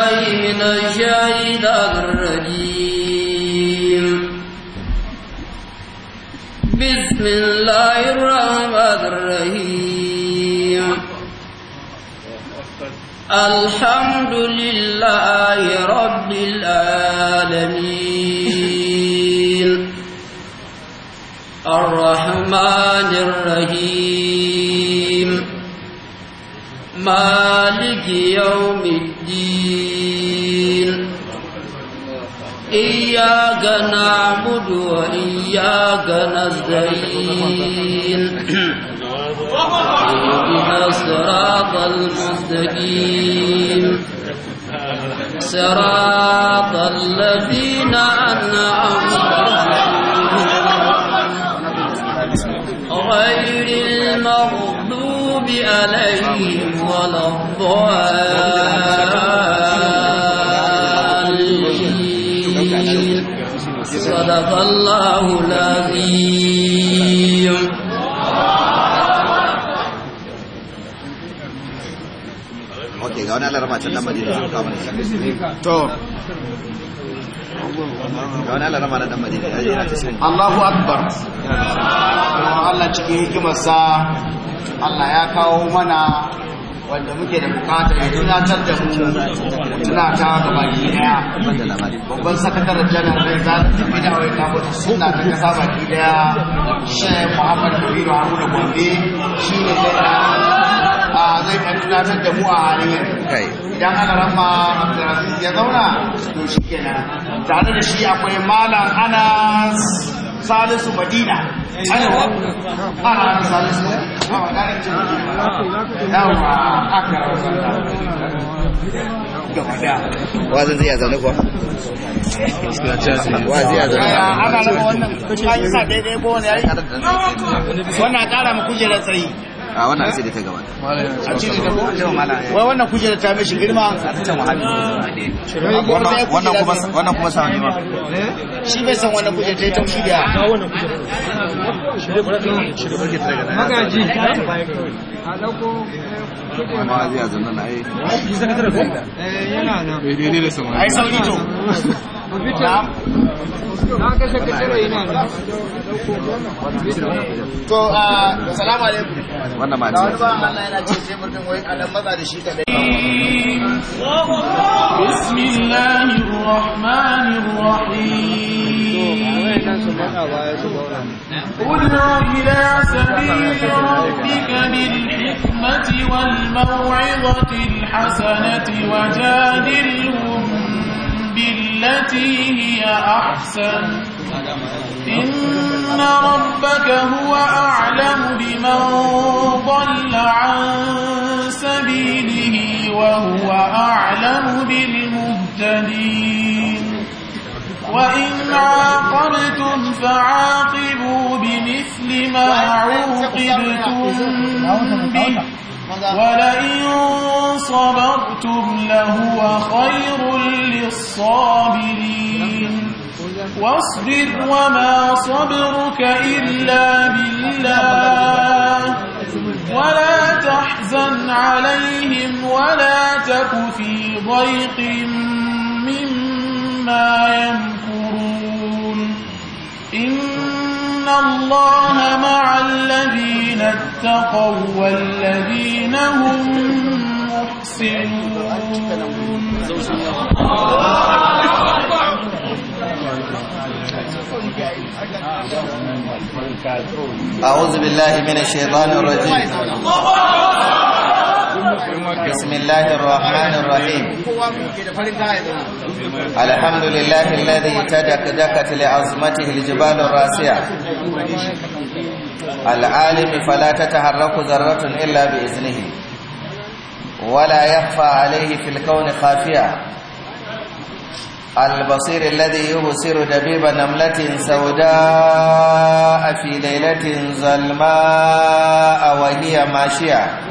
من الشيطان الرجيم بسم الله الرحمن الرحيم الحمد لله رب العالمين الرحمن الرحيم مالك يوم إياك نعبد وإياك نستعين اهدنا الصراط المستقيم صراط الذين أنعمت غير المغضوب عليهم ولا الضالين والله العظيم اوكي ga wani Allahu akbar Allah cikin hikimarsa Allah ya kawo mana wanda muke da bukatar ya tunatar da mu tuna ta ga baki daya babban sakataren janar zai za ta tafi da wai ta wata suna ta kasa baki daya shai muhammad kabiru haruna gombe shi ne zai ɗan tunatar da mu a halin idan ana rama abdulaziz ya zauna to shi kenan tare da shi akwai malam anas salisu madina kujerar tsayi a wannan sai da ta gaba da ko wai wannan ta mishi girma eh. ta wannan kuma wannan kuma sa ne eh? shi bai san wannan kuje ta yi da magaji amma eh, ai yana to بسم الله الرحمن الرحيم قل إلى سبيل ربك بالحكمة والموعظة الحسنة وجادلهم بالتي هي أحسن إن ربك هو أعلم بمن ضل عن سبيله وهو أعلم بالمهتدين وإن عاقبتم فعاقبوا بمثل ما عوقبتم به ولئن صبرتم لهو خير للصابرين واصبر وما صبرك إلا بالله ولا تحزن عليهم ولا تك في ضيق مما يمكرون الله مع الذين اتقوا والذين هم محسنون أعوذ بالله من الشيطان الرجيم بسم الله الرحمن الرحيم الحمد لله الذي تدك دكت لعظمته الجبال الراسية العالم فلا تتحرك ذرة إلا بإذنه ولا يخفى عليه في الكون خافية البصير الذي يبصر دبيب نملة سوداء في ليلة ظلماء وهي ماشية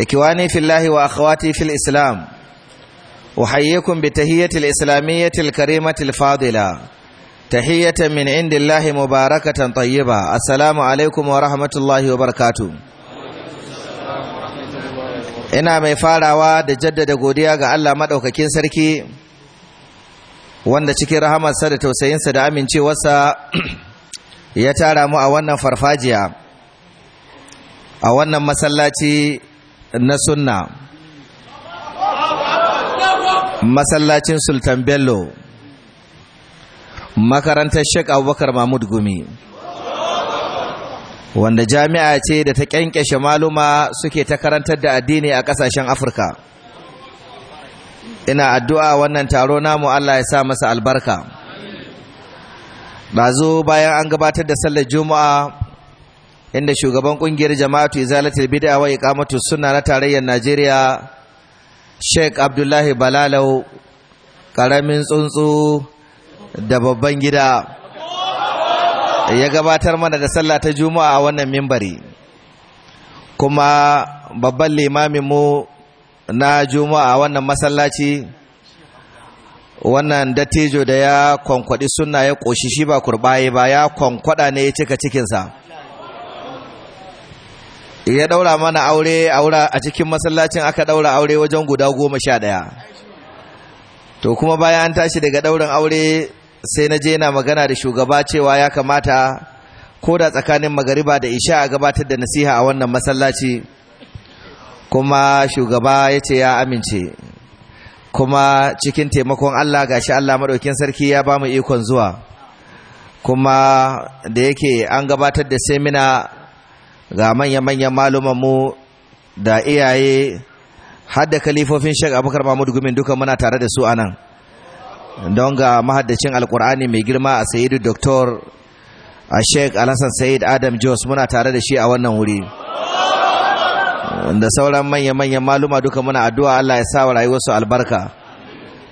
ikwani fillahi wa akhawati fil islam wa hayyakum bi tahiyati al islamiyati al karimati min indillahi mubarakatan tayyiba assalamu alaykum wa rahmatullahi wa ina mai farawa da jaddada godiya ga Allah maɗaukakin sarki wanda cikin rahaman da tausayin sa da amincewarsa ya tara mu a wannan farfajiya a wannan masallaci na sunna masallacin sultan bello makarantar sheik abubakar mahmud gumi wanda jami'a ce da ta kyankyashe maluma suke ta karantar da addini a kasashen afirka ina addu'a wannan taro namu allah ya sa masa albarka ɗazu bayan an gabatar da sallar juma'a inda shugaban kungiyar jama'atu izalatul bid'a wa iqamatu sunna na tarayyar Najeriya Sheikh Abdullahi Balalau karamin tsuntsu da babban gida ya gabatar mana da sallah ta juma'a a wannan mimbari kuma babban limamin mu na juma'a a wannan masallaci wannan dattijo da ya kwankwadi sunna ya koshi shi ba kurbaye ba ya kwankwada ne ya cika cikinsa ya daura mana aure a cikin masallacin aka daura aure wajen guda goma sha ɗaya to kuma bayan an tashi daga daurin aure sai na je na magana da shugaba cewa ya kamata ko da tsakanin magariba da isha a gabatar da nasiha a wannan masallaci kuma shugaba ya ce ya amince kuma cikin taimakon Allah ga shi Allah maɗaukin sarki ya ba mu ikon zuwa kuma da yake an gabatar da semina ga manya-manyan mu da iyaye har da kalifofin shek abubakar mahmud gumin duka muna tare da su a nan don ga mahaddacin alkur'ani mai girma a sayidu doktor a shek alhassan sayid adam jos muna tare da shi a wannan wuri da sauran manya-manyan maluma duka muna addu'a allah ya sa wa rayuwarsu albarka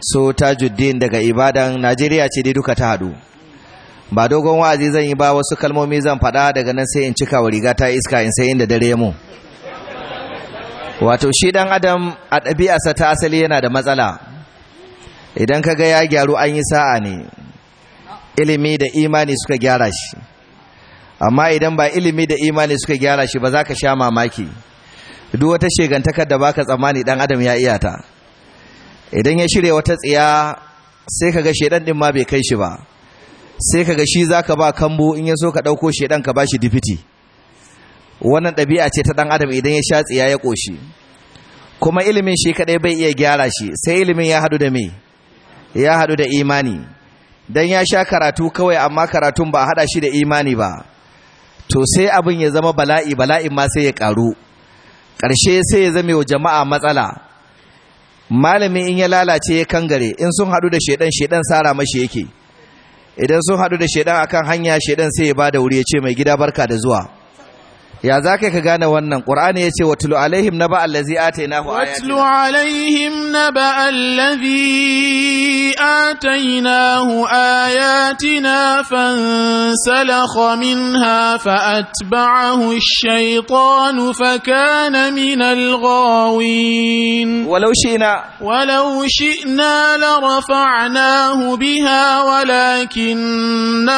su tajuddin daga ibadan najeriya ce dai duka ta haɗu ba dogon wa'azi zan yi ba wasu kalmomi zan faɗa daga nan sai in cika wa riga ta iska in sai inda dare mu wato shi dan adam a ɗabi'arsa ta asali yana da matsala idan ga ya gyaru an yi sa'a ne ilimi da imani suka gyara shi amma idan ba ilimi da imani suka gyara shi ba za ka sha mamaki duk wata shegantakar da baka tsammani dan adam ya iya ta idan ya shirya wata tsiya sai ka ga shedan din ma bai kai shi ba sai ka ga shi za ka ba kambo in yaso so ka dauko shedan ka bashi dipiti wannan ɗabi'a ce ta dan adam idan ya sha tsiya ya koshi kuma ilimin shi kadai bai iya gyara shi sai ilimin ya hadu da me ya hadu da imani dan ya sha karatu kawai amma karatun ba a haɗa shi da imani ba to sai abin ya zama bala'i bala'in ma sai ya karu ƙarshe sai ya zama jama'a matsala malamin in ya lalace ya kangare in sun haɗu da shedan shedan sara mashi yake idan sun haɗu da shaidan akan hanya shaidan sai ya ba wuri ya ce mai gida barka da zuwa ya za ka ka gane wannan ƙur'ani ya ce wa tulu alaihim na ba allazi atainahu ayatina watlu alaihim na ba allazi atainahu ayatina fansalakha minha fa'atba'ahu ash-shaytanu fakana min al-ghawin walau shi'na walau shi'na la biha walakin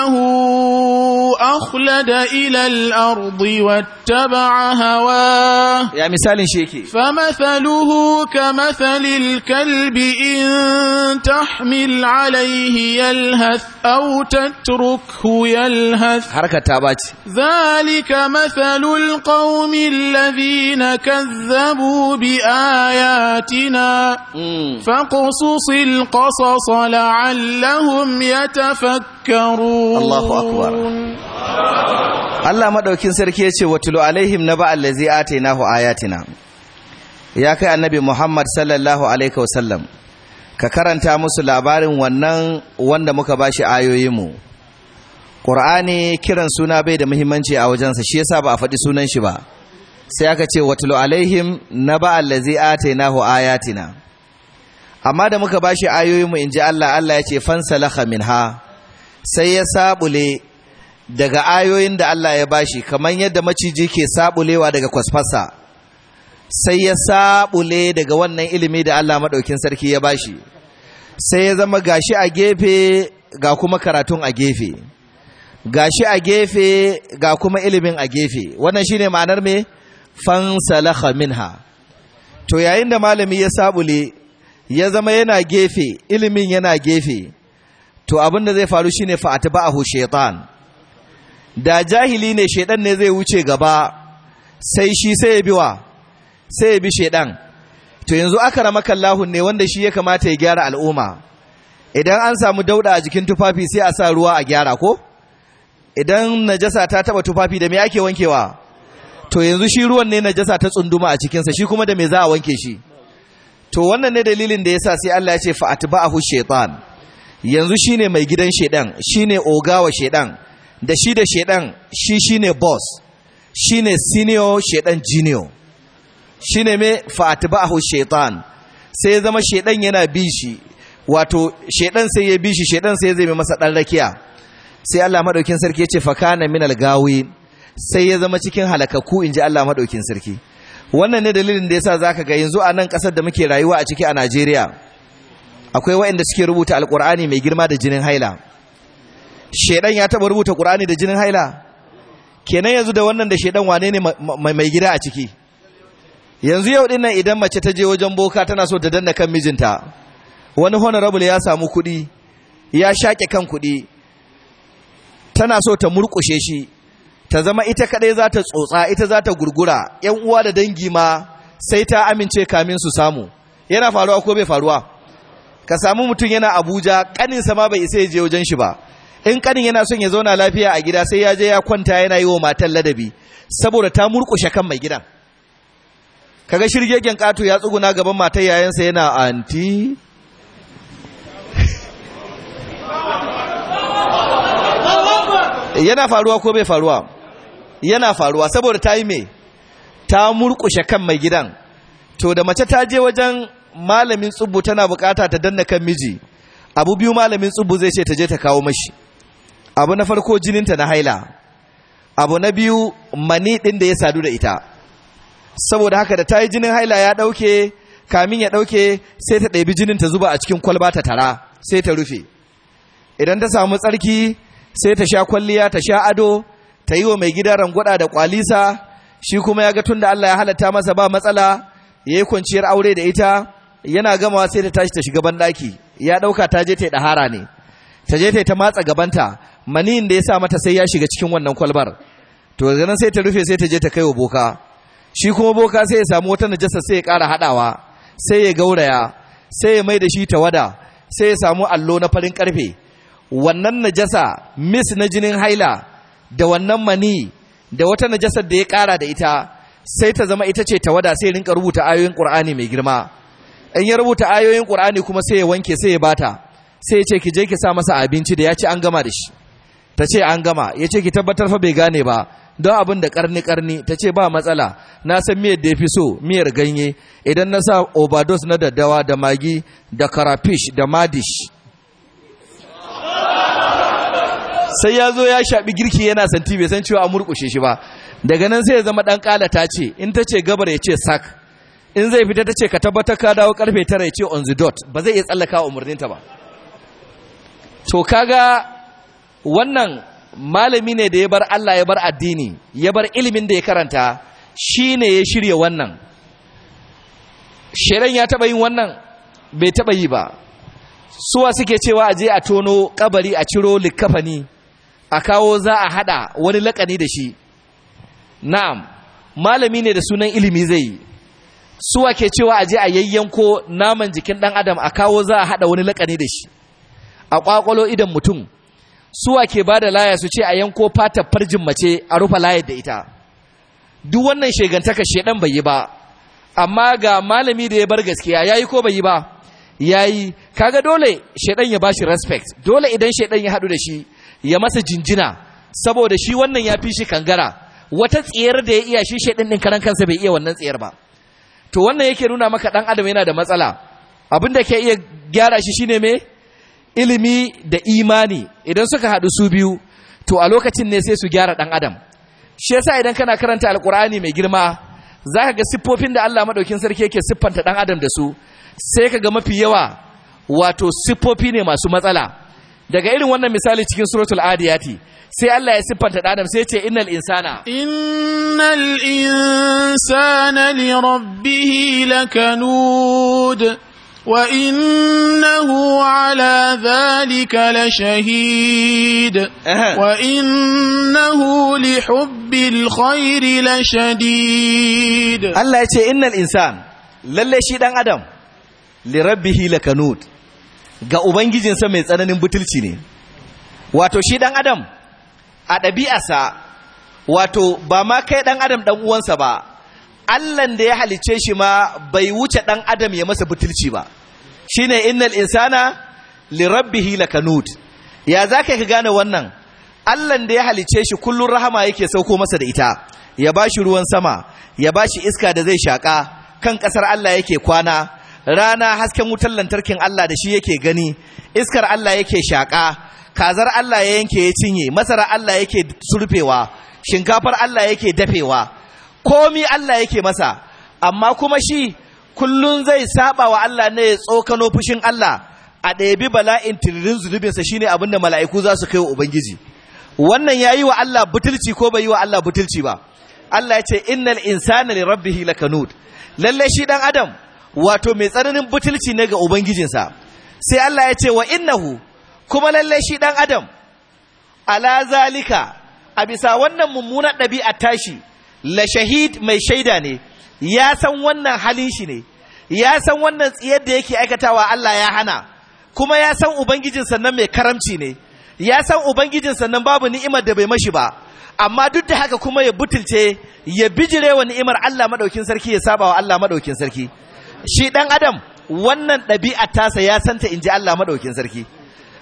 akhlada ila ilal ardi wa واتبع هواه يا مثال شيكي فمثله كمثل الكلب إن تحمل عليه يلهث أو تتركه يلهث حركة تابات ذلك مثل القوم الذين كذبوا بآياتنا فقصص القصص لعلهم يتفكرون الله أكبر Allah maɗaukin sarki yace watulu alaihim naba allazi atainahu ayatina ya kai annabi Muhammad sallallahu alaihi wasallam ka karanta musu labarin wannan wanda muka bashi ayoyinmu Qur'ani kiran suna bai da muhimmanci a wajensa shi yasa ba a faɗi sunan shi ba sai aka ce watulu alaihim naba allazi atainahu ayatina amma da muka bashi ayoyinmu inji Allah Allah yace fansalakha minha sai ya saɓule. daga ayoyin da Allah ya bashi kamar yadda maciji ke sabulewa daga kwasfasa sai ya sabule daga wannan ilimi da Allah maɗaukin sarki ya bashi sai ya zama gashi a gefe ga kuma karatun a gefe gashi a gefe ga kuma ilimin a gefe wannan shine ma'anar me fansalaha minha to yayin da malami ya sabule ya zama yana gefe ilimin yana gefe to abin da zai faru shine fa'atba'ahu shaytan da jahili ne shaidan ne zai wuce gaba sai shi sai ya biwa sai ya bi shaidan to yanzu aka rama kallahun ne wanda shi ya kamata ya gyara al'umma idan an samu dauda a jikin tufafi sai a sa ruwa a gyara ko idan najasa ta taba tufafi da me ake wankewa to yanzu shi ruwan ne najasa ta tsunduma a cikinsa shi kuma da me za a wanke shi to wannan ne dalilin da yasa sai Allah ya ce fa atba'ahu shaytan yanzu shine mai gidan shaidan. shine ogawa shaidan. da shi da shedan shi shine boss shine senior shedan junior shine me fa'atba'ahu shaitan sai zama shedan yana bi shi wato shedan sai ya bi shi shedan sai zai mai masa dan rakiya sai Allah madaukin sarki ce fa kana minal gawi sai ya zama cikin halakaku ji Allah madaukin sarki wannan ne dalilin da yasa zaka ga yanzu a nan kasar da muke rayuwa a ciki a Najeriya akwai waɗanda suke rubuta alkur'ani mai girma da jinin haila shaidan ya taba rubuta qur'ani da jinin haila kenan yanzu da wannan da shaidan wane ne mai gida a ciki yanzu yau dinnan idan mace ta je wajen boka tana so ta danna kan mijinta wani honorable ya samu kuɗi ya shaƙe kan kuɗi tana so ta murƙushe shi ta zama ita kaɗai za ta tsotsa ita za ta gurgura ‘yan uwa da dangi ma sai ta amince kamin su samu yana faruwa ko bai faruwa ka samu mutum yana abuja ƙaninsa ma bai isa ya je wajen shi ba in kanin yana son ya zauna lafiya a gida sai ya je ya kwanta yana yi wa matan ladabi saboda ta murƙushe kan mai gidan kaga shirgegen ƙato ya tsuguna gaban matan yayansa yana anti yana faruwa ko bai faruwa yana faruwa saboda ta yi mai ta murƙushe kan mai gidan to da mace ta je wajen malamin tsubbu tana bukata ta danna kan miji abu biyu malamin tsubbu zai ce ta je ta kawo mashi abu na farko jininta na haila abu na biyu mani ɗin da ya sadu da ita saboda haka da ta yi jinin haila ya ɗauke kamin ya ɗauke sai ta ɗabi jinin ta zuba a cikin kwalba ta tara sai ta rufe idan ta samu tsarki sai ta sha kwalliya ta sha ado ta yi wa mai gida rangwada da kwalisa shi kuma ya ga tun da Allah ya halatta masa ba matsala ya yi kwanciyar aure da ita yana gamawa sai ta tashi ta shiga banɗaki ya ɗauka ta je ta yi ɗahara ne ta je ta yi ta matsa gabanta Manin da ya sa mata sai ya shiga cikin wannan kwalbar to daga sai ta rufe sai ta je ta kai wa boka shi kuma boka sai ya samu wata najasa sai ya ƙara haɗawa sai ya gauraya sai ya mai da shi tawada sai ya samu allo na farin ƙarfe wannan najasa mis na jinin haila da wannan mani da wata najasar da ya ƙara da ita sai ta zama ita ce tawada sai rinka rubuta ayoyin ƙur'ani mai girma in ya rubuta ayoyin ƙur'ani kuma sai ya wanke sai ya bata sai ya ce ki je ki sa masa abinci da ya ci an gama da shi ta ce an gama ya ce ki tabbatar fa bai gane ba don abin da karni karni ta ce ba matsala na san miyar da ya fi so miyar ganye idan na sa obados na daddawa da magi da karafish da madish sai ya zo ya shaɓi girki yana santi bai san cewa a murƙushe shi ba daga nan sai ya zama ɗan ƙala ta ce in ta ce gabar ya ce sak in zai fita ta ce ka tabbatar ka dawo karfe tara ya ce on the dot ba zai iya tsallaka umarninta ba to kaga wannan malami ne da ya bar Allah ya bar addini ya bar ilimin da ya karanta shi ne ya shirya wannan shirin ya taɓa yin wannan bai taɓa yi ba suwa suke cewa a je a tono kabari a ciro likafani a kawo za a haɗa wani lakani da shi na'am malami ne da sunan ilimi zai yi suwa ke cewa a je a yayyanko naman jikin ɗan adam a kawo za a haɗa wani lakani da shi a ƙwaƙwalo idan mutum suwa ke ba da laya su ce a yanko fatar farjin mace a rufe layar da ita duk wannan shegantaka shedan bai yi ba amma ga malami da ya bar gaskiya yayi ko bai yi ba yayi kaga dole shedan ya bashi respect dole idan shedan ya hadu da shi ya masa jinjina saboda shi wannan ya fi shi kangara wata tsiyar da ya iya shi shedan din karan kansa bai iya wannan tsiyar ba to wannan yake nuna maka dan adam yana da matsala abin da ke iya gyara shi shine me ilimi da imani idan suka haɗu su biyu to a lokacin ne sai su gyara ɗan adam shi yasa idan kana karanta alkur'ani mai girma za ka ga siffofin da allah maɗaukin sarki yake siffanta ɗan adam da su sai ka ga mafi yawa wato siffofi ne masu matsala daga irin wannan misali cikin suratul adiyati sai Allah ya siffanta ɗan adam sai ce innal insana innal insana li rabbihi lakanud وإنه على ذلك لشهيد وإنه لحب الخير لشديد الله يتي إن الإنسان للي adam أدم لربه لكنود ga ubangijinsa mai tsananin butulci ne wato shi dan adam a ɗabi'arsa wato ba ma kai dan adam dan uwansa ba Allahn da ya halice shi ma bai wuce ɗan adam ya masa butulci ba Shi ne innal insana lirabbihi hila lakanud ya zaka ka gane wannan Allahn da ya halice shi kullum rahama yake sauko masa da ita ya ba shi ruwan sama ya ba shi iska da zai shaƙa, kan ƙasar Allah yake kwana rana hasken wutar lantarkin Allah da shi yake gani iskar Allah yake shaƙa, kazar Allah ya yanke ya cinye masara Allah yake surfewa shinkafar Allah yake dafewa komi Allah yake masa amma kuma shi kullum zai saba wa Allah ne ya tsokano fushin Allah a ɗabi bala'in tiririn zunubinsa ne abinda mala'iku za su kai wa ubangiji wannan ya yi wa Allah butulci ko bai yi wa Allah butulci ba Allah ya ce innal insana li rabbihi lakanud lalle shi dan adam wato mai tsananin butulci ne ga ubangijinsa sai Allah ya ce wa innahu kuma lalle shi ɗan adam ala zalika a bisa wannan mummunar ɗabi'a tashi la shahid mai shaida ne ya san wannan halin shi ne ya san wannan tsiyar da yake aikatawa Allah ya hana kuma ya san ubangijin sannan mai karamci ne ya san ubangijin sannan babu ni'imar da bai mashi ba amma duk da haka kuma ya butulce ya bijire wa ni'imar Allah madaukin sarki ya saba wa Allah madaukin sarki shi dan adam wannan ɗabi'a tasa ya santa ji Allah madaukin sarki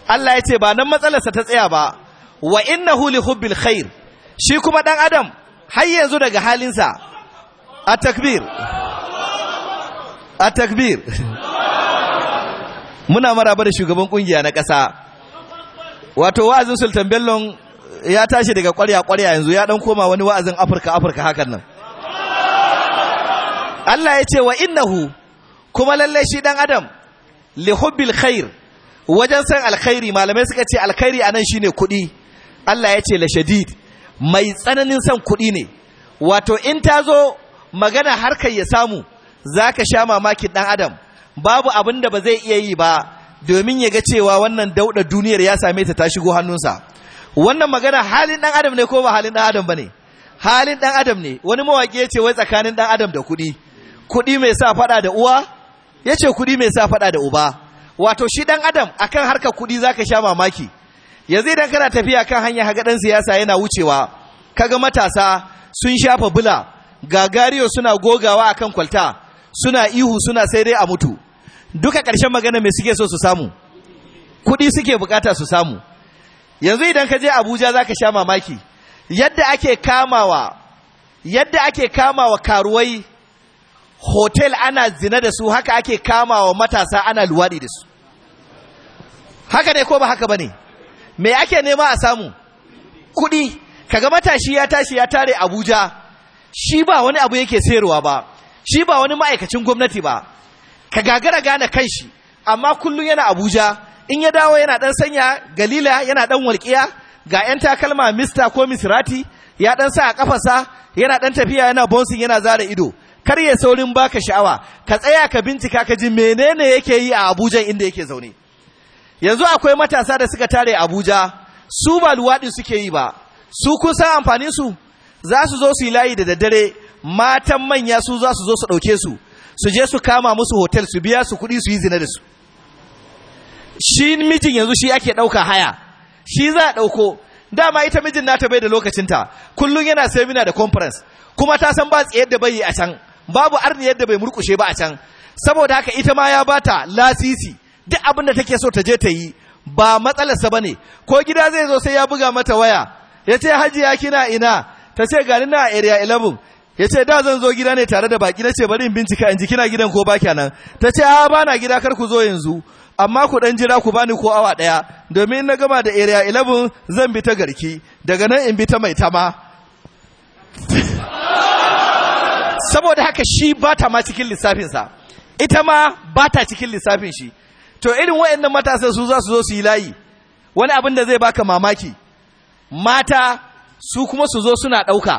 Allah ya ce ba nan matsalarsa ta tsaya ba wa innahu li hubbil khair shi kuma dan adam har yanzu daga halinsa a takbir a takbir muna maraba da shugaban kungiya na ƙasa wato wa'azin sultan bellon ya tashi daga ƙwarya ƙwarya yanzu ya ɗan koma wani wa'azin afirka afirka hakan nan Allah ya ce wa innahu kuma lallai shi dan adam li hubbil khair wajen san alkhairi malamai suka ce alkhairi anan shine kuɗi Allah ya ce la shadid mai tsananin son kuɗi ne wato in ta zo magana harkar ya samu za ka sha mamakin ɗan adam babu abin da ba zai iya yi ba domin ya ga cewa wannan dauɗa duniyar ya same ta ta shigo hannunsa wannan magana halin ɗan adam ne ko ba halin ɗan adam ba ne halin ɗan adam ne wani mawaƙi ya ce wai tsakanin ɗan adam da kuɗi kuɗi mai sa faɗa da uwa ya ce kuɗi mai sa faɗa da uba wato shi ɗan adam akan harkar kuɗi za ka sha mamaki yanzu idan kana tafiya kan hanya haga ɗan siyasa yana wucewa kaga matasa sun shafa bula gagariyo suna gogawa akan kwalta suna ihu suna sai dai a mutu duka ƙarshen magana mai suke so su samu kuɗi suke bukata su samu yanzu idan ka je abuja za ka sha mamaki yadda ake kamawa yadda ake kamawa karuwai hotel ana zina da su haka ake kamawa matasa ana luwaɗi da su haka ne ko ba haka ba ne me ake nema a samu kuɗi kaga matashi ya tashi ya tare abuja shi ba wani abu yake sayarwa ba shi ba wani ma'aikacin gwamnati ba ka gagara gane kanshi amma kullum yana abuja in ya dawo yana dan sanya galila yana dan walƙiya ga 'yan takalma mista ko misrati ya dan sa a kafarsa yana dan tafiya yana bonsin yana zara ido kar ya saurin baka sha'awa ka tsaya ka bincika ka ji menene yake yi a abuja inda yake zaune yanzu akwai matasa da suka tare abuja su ba luwaɗi suke yi ba su kun san amfanin su za su zo su yi layi da daddare matan manya su za su zo su ɗauke su su je su kama musu hotel su biya su kuɗi su yi zina da su shi mijin yanzu shi ake ɗauka haya shi za a ɗauko dama ita mijin nata bai da lokacinta kullum yana semina da conference kuma ta san ba tsayar da bai a can babu arni yadda bai murkushe ba a can saboda haka ita ma ya bata lasisi duk abin da take so ta je ta yi ba matsalarsa ba ne ko gida zai zo sai ya buga mata waya ya ce hajiya kina ina ta ce gani na area 11 ya ce da zan zo gida ne tare da baki na ce bari in bincika in ji kina gidan ko baki nan ta ce a ba gida kar ku zo yanzu amma ku dan jira ku bani ko awa daya domin na gama da area 11 zan bi ta garki daga nan in bi ta mai tama saboda haka shi ba ta ma cikin lissafinsa ita ma ba ta cikin lissafin shi to irin waɗannan matasan su za su zo su yi layi wani abin da zai baka mamaki mata su kuma su zo suna ɗauka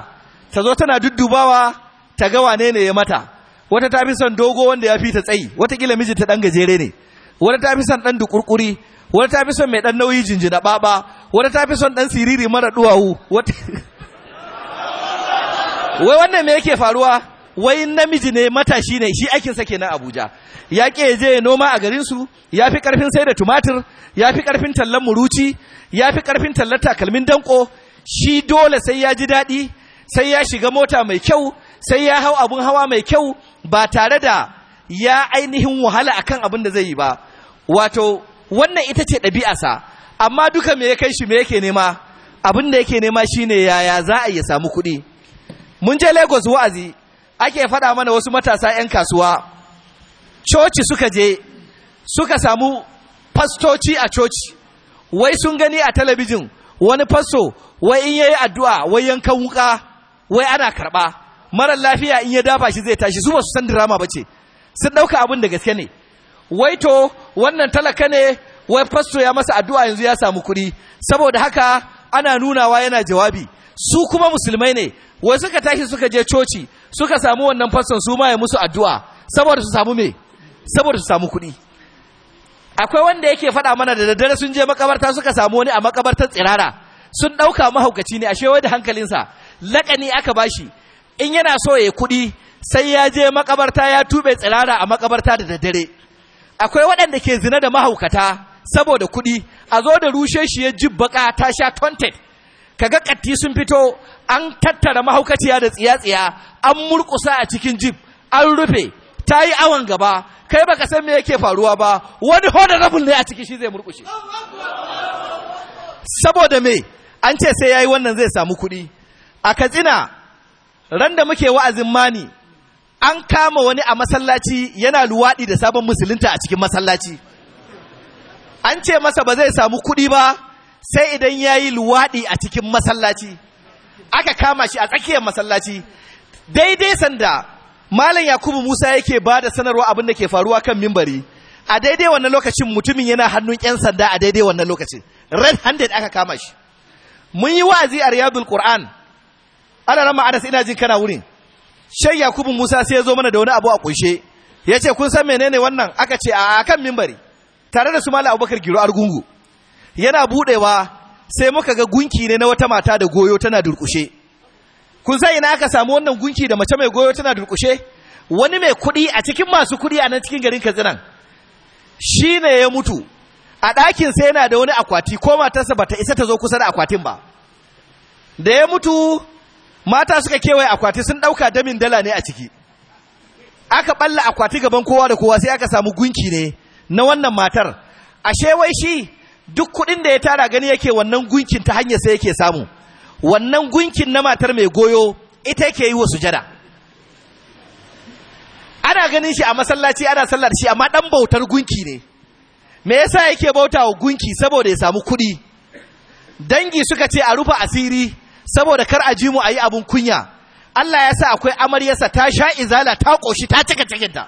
ta zo tana duddubawa ta ga wane ne ya mata wata ta fi son dogo wanda ya fi ta tsayi watakila miji ta ɗan gajere ne wata ta fi son ɗan dukurkuri wata ta fi son mai ɗan nauyi jinjina ɓaɓa wata ta fi son ɗan siriri mara duwawu wai wannan me yake faruwa wai namiji ne matashi ne shi aikinsa kenan Abuja ya ke je noma a garin su ya fi karfin sai da tumatir ya fi karfin tallan muruci ya fi karfin tallar takalmin danko shi dole sai ya ji daɗi sai ya shiga mota mai kyau sai ya hau abun hawa mai kyau ba tare da ya ainihin wahala akan abin da zai yi ba wato wannan ita ce ɗabi'arsa amma duka me ya kai shi me yake nema abin da yake nema shine yaya za a ya samu kuɗi mun je Lagos wa'azi ake faɗa mana wasu matasa 'yan kasuwa coci suka je suka samu fastoci a coci wai sun gani a talabijin wani fasto wai in yayi addu'a wai yankan wuka wai ana karɓa marar lafiya in ya dafa shi zai tashi su ba su san drama ba ce sun ɗauka abin da gaske ne wai to wannan talaka ne wai fasto ya masa addu'a yanzu ya samu kuɗi saboda haka ana nunawa yana jawabi su kuma musulmai ne wai suka tashi suka je coci suka samu wannan fassan su ma ya musu addu'a saboda su samu me saboda su samu kuɗi akwai wanda yake faɗa mana da daddare sun je makabarta suka samu wani a makabartar tsirara sun ɗauka mahaukaci ne ashe wai da hankalinsa laƙani aka bashi in yana so ya kuɗi sai ya je makabarta ya tube tsirara a makabarta da daddare akwai waɗanda ke zina da mahaukata saboda kuɗi a zo da rushe shi ya baka ta sha tonted kaga katti sun fito an tattara mahaukaciya da tsiya-tsiya an murkusa a cikin jib an rufe ta yi awon gaba kai baka san me yake faruwa ba wani hoda rabin ne a ciki shi zai murkushe saboda me an ce sai yayi wannan zai samu kuɗi a katsina ran da muke wa'azin mani an kama wani a masallaci yana luwaɗi da sabon musulunta a cikin masallaci an ce masa ba zai samu kuɗi ba sai idan yayi yi luwaɗi a cikin masallaci aka kama shi a tsakiyar masallaci daidai sanda malam yakubu musa yake ba da sanarwa abin da ke faruwa kan mimbari a daidai wannan lokacin mutumin yana hannun yan sanda a daidai wannan lokacin red handed aka kama shi mun yi wa'azi a riyadul qur'an ana rama anas ina jin kana wurin shai yakubu musa sai ya zo mana da wani abu a kunshe ya ce kun san menene wannan aka ce a kan mimbari tare da su malam abubakar giro argungu yana budewa sai muka ga gunki ne na wata mata da goyo tana durkushe kun sai aka samu wannan gunki da mace mai goyo tana durkushe wani mai kuɗi a cikin masu kuɗi a nan cikin garin katsina shi ne ya mutu a ɗakin sai yana da wani akwati ko matarsa bata isa ta zo kusa da akwatin ba da ya mutu mata suka kewaye akwati sun ɗauka damin dala ne a ciki aka ɓalla akwati gaban kowa da kowa sai aka samu gunki ne na wannan matar ashe wai shi duk kuɗin da ya tara gani yake wannan gunkin ta hanyar sai yake samu wannan gunkin na matar mai goyo ita yake yi wa sujada ana ganin shi a masallaci ana sallar shi amma dan bautar gunki ne me yasa yake bauta wa gunki saboda ya samu kuɗi dangi suka ce a rufa asiri saboda kar a ji mu a yi abun kunya Allah ya sa akwai amaryarsa ta sha izala ta ƙoshi ta cika cikinta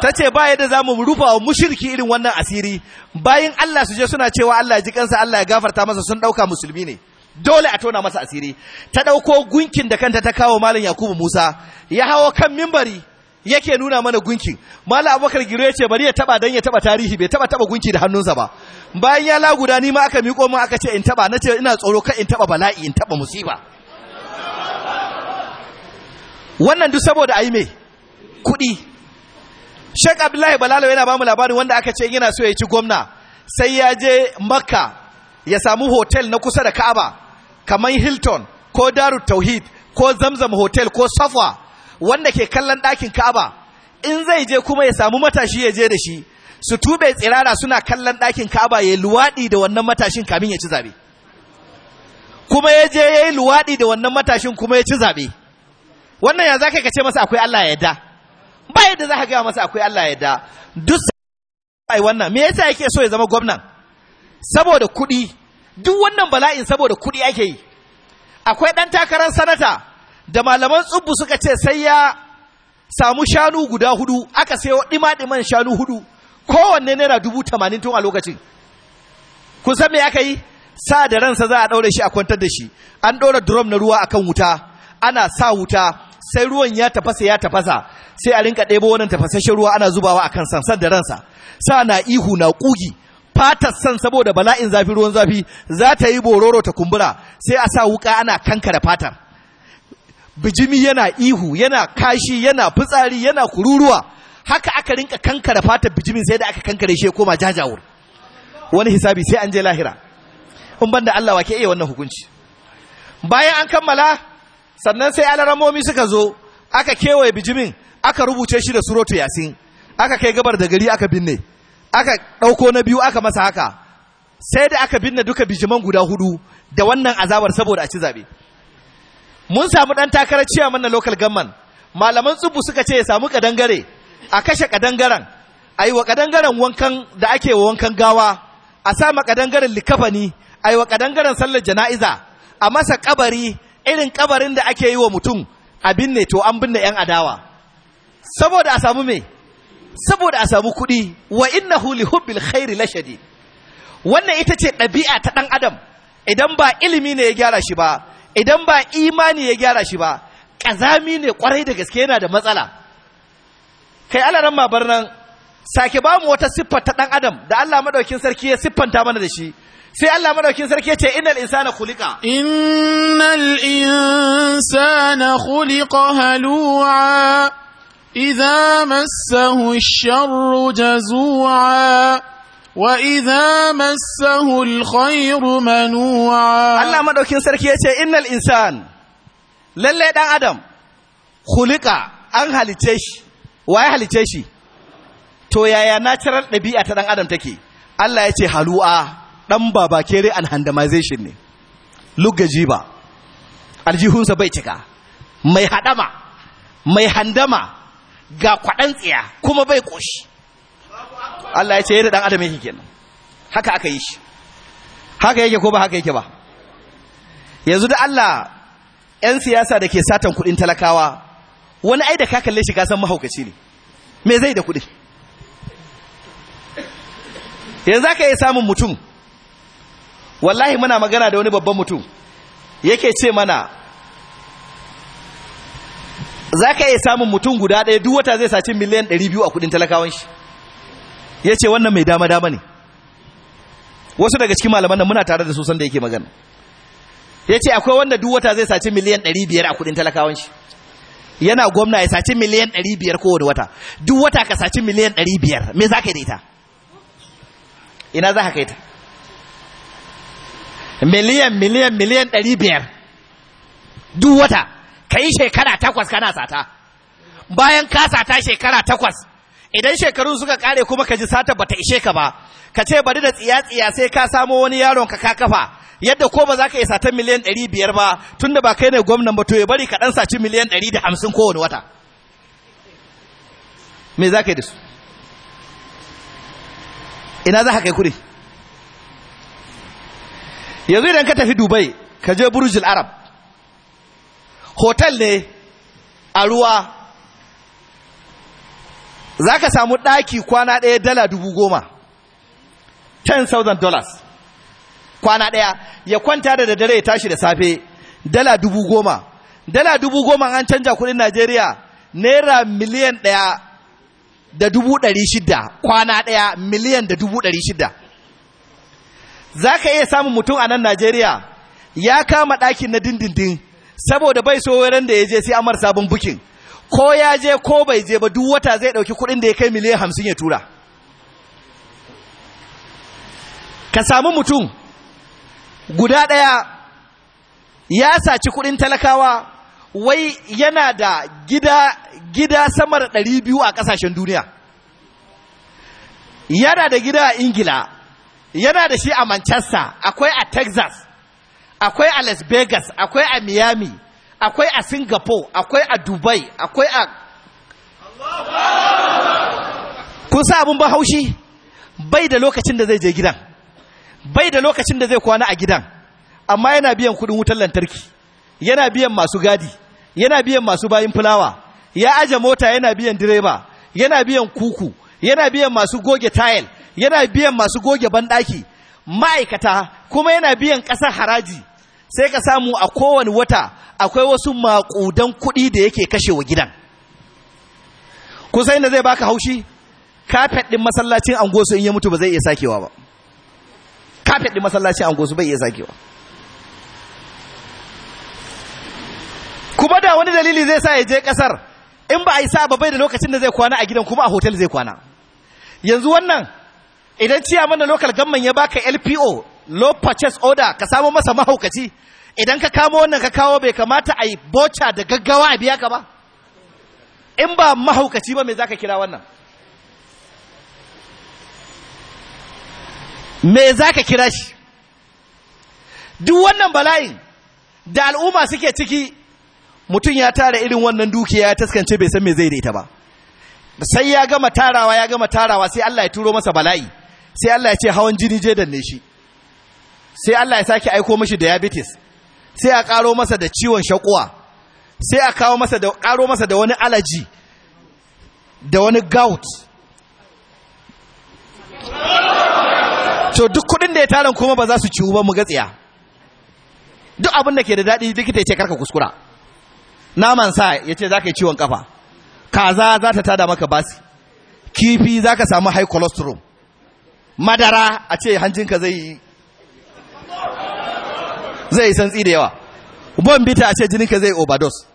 ta ce ba yadda za mu rufa wa mushirki irin wannan asiri bayan Allah su je suna cewa Allah ya ji kansa Allah ya gafarta masa sun ɗauka musulmi ne dole a tona masa asiri ta ɗauko gunkin da kanta ta kawo malam yakubu musa ya hawo kan mimbari yake nuna mana gunkin malam abubakar giro ya ce bari ya taba dan ya taba tarihi bai taba taba gunki da hannunsa ba bayan ya laguda ni ma aka miƙo min aka ce in taba na ce ina tsoro kan in taba bala'i in taba musiba wannan duk saboda ayi me kuɗi Sheikh Abdullahi Balalo yana ba mu labarin wanda aka ce yana so ya ci gwamna sai ya je Makka ya samu hotel na kusa da Ka'aba kamar hilton ko daru tauhid ko zamzam hotel ko safa wanda ke kallon ɗakin ka'aba in zai je kuma ya samu matashi ya je da shi su tube tsirara suna kallon ɗakin ka'aba ya luwaɗi da wannan matashin kamin ya ci zaɓe kuma ya je ya yi luwaɗi da wannan matashin kuma ya ci zaɓe wannan ya za ka ce masa akwai Allah ya da ba yadda za ka gaya masa akwai Allah ya da duk sai wannan me yasa yake so ya zama gwamnan saboda kuɗi duk wannan bala'in saboda kuɗi ake yi akwai ɗan takarar sanata da malaman tsubbu suka ce sai ya samu shanu guda hudu aka sayo ɗima-ɗiman shanu hudu kowanne naira dubu tamanin tun a lokacin kun san me aka yi sa da ransa za a ɗaure shi a kwantar da shi an ɗora drum na ruwa akan wuta ana sa wuta sai ruwan ya tafasa ya tafasa sai a rinka ɗebo wannan tafasasshen ruwa ana zubawa akan sansan da ransa sa na ihu na ƙugi fatar san saboda bala'in zafi ruwan zafi za ta yi bororo ta kumbura sai a sa wuka ana kankare fatar bijimi yana ihu yana kashi yana fitsari yana kururuwa haka aka rinka kankare fatar bijimin sai da aka kankare shi ya koma jajawur wani hisabi sai an je lahira in ban da Allah wake iya wannan hukunci bayan an kammala sannan sai alaramomi suka zo aka kewaye bijimin aka rubuce shi da suratu yasin aka kai gabar da gari aka binne aka ɗauko na biyu aka masa haka sai da aka binne duka bijiman guda hudu da wannan azabar saboda a ci zaɓe mun samu ɗan takarar ciyaman mana local gamman malaman tsubu suka ce ya samu kadangare a kashe kadangaren a yi wa kadangaren wankan da ake wa wankan gawa a sa ma kadangaren likafani a yi wa kadangaren sallar jana'iza a masa kabari irin kabarin da ake yi wa mutum a binne to an binne 'yan adawa saboda a samu me saboda a samu kuɗi wa innahu li hubbil khairi lashadi wannan ita ce ɗabi'a ta ɗan adam idan ba ilimi ne ya gyara shi ba idan ba imani ya gyara shi ba ƙazami ne ƙwarai da gaske yana da matsala kai alaran mabar nan sake ba mu wata siffar ta ɗan adam da Allah madaukin sarki ya siffanta mana da shi sai Allah madaukin sarki ya ce innal insana khuliqa innal insana khuliqa halu'a إذا مسه الشر جزوعا وإذا مسه الخير منوعا الله ما دوكين سركي يتي إن الإنسان للي دان أدم خلق أن هالتش وأي هالتش to yaya natural ɗabi'a ta ɗan adam take Allah ya ce halu'a ɗan baba kere an handamization lugaji ba aljihunsa bai cika mai haɗama mai handama ga kwaɗan tsaya kuma bai ƙoshi Allah ya ce yadda ɗan adam yake kenan haka aka yi shi haka yake ko ba haka yake ba yanzu da Allah 'yan siyasa da ke satan kuɗin talakawa wani ai da ka kalle shi kasan mahaukaci ne me zai da kuɗi yanzu aka yi samun mutum wallahi muna magana da wani babban mutum yake ce mana za ka iya samun mutum guda ɗaya duk wata zai saci miliyan 200 a kudin talakawan shi ya ce wannan mai dama dama ne wasu daga cikin malaman nan muna tare da su sanda yake magana ya ce akwai wanda duk wata zai saci miliyan 500 a kudin talakawan shi yana gwamna ya saci miliyan 500 kowane wata duk wata ka saci miliyan 500 me za ka yi da ita ina za ka kai ta miliyan miliyan miliyan 500 duk wata ka yi shekara takwas kana sata bayan ka sata shekara takwas idan shekarun suka kare kuma ka ji sata bata ishe ka ba ka ce bari da tsiya tsiya sai ka samo wani yaron ka kafa yadda ko ba za ka iya satan miliyan ɗari biyar ba tunda ba kai ne gwamnan ba to ya bari ka ɗan saci miliyan ɗari da hamsin kowane wata me za ka yi da su ina za ka kai kuɗi yanzu idan ka tafi dubai ka je Burjil arab hotel ne a ruwa za ka samu ɗaki kwana ɗaya dala dubu goma thousand dollars kwana ɗaya ya kwanta da daddare ya tashi da safe dala dubu goma dala dubu goma an canja kuɗin najeriya naira miliyan ɗaya da dubu ɗari shida kwana ɗaya miliyan da dubu ɗari shida za ka iya samun mutum a nan najeriya ya kama ɗakin na dindindin saboda bai so wurin da ya je sai amar sabon bukin ko ya je ko bai je ba duk wata zai ɗauki kuɗin da ya kai miliyan hamsin ya tura ka samu mutum guda ɗaya ya saci kuɗin talakawa wai yana da gida gida sama ɗari biyu a ƙasashen duniya yana da gida a ingila yana da shi a manchester akwai a texas akwai a las vegas akwai a miami akwai a singapore akwai a dubai akwai a kun sa abin bahaushi bai da lokacin da zai je gidan bai da lokacin da zai kwana a gidan amma yana biyan kudin wutar lantarki yana biyan masu gadi yana biyan masu bayin fulawa ya aje mota yana biyan direba yana biyan kuku yana biyan masu goge tayil yana biyan masu goge banɗaki ma'aikata kuma yana biyan ƙasar haraji sai ka samu a kowane wata akwai wasu maƙudan kuɗi da yake kashe wa gidan kusa inda zai baka haushi kafet ɗin masallacin angosu in ya mutu ba zai iya sakewa ba kafet ɗin masallacin angosu bai iya sakewa kuma da wani dalili zai sa ya je ƙasar in ba a yi sa bai da lokacin da zai kwana a gidan kuma a hotel zai kwana yanzu wannan idan ciyaman mana lokal gamman ya baka lpo low purchase order ka samo masa mahaukaci idan ka kamo wannan ka kawo bai kamata a yi boca da gaggawa a biya ka ba in ba mahaukaci ba me za ka kira wannan me za ka kira shi duk wannan bala'in da al'umma suke ciki mutum ya tara irin wannan dukiya ya taskance bai san me zai daita ba sai ya gama tarawa ya gama tarawa sai Allah ya turo masa bala'i sai Allah ya ce hawan jini je danne shi sai Allah ya sake aiko mashi diabetes sai a karo masa da ciwon shakuwa sai a kawo masa da karo masa da wani allergy da wani gout to duk kudin da ya tarin kuma ba za su ciwu ba mu gatsiya duk abin da ke da daɗi likita ya ce karka kuskura naman sa ya ce za ka yi ciwon kafa kaza za ta tada maka basi kifi za ka samu high madara a ce hanjinka zai yi. zai yi santsi da yawa bon bita a ce jininka zai obados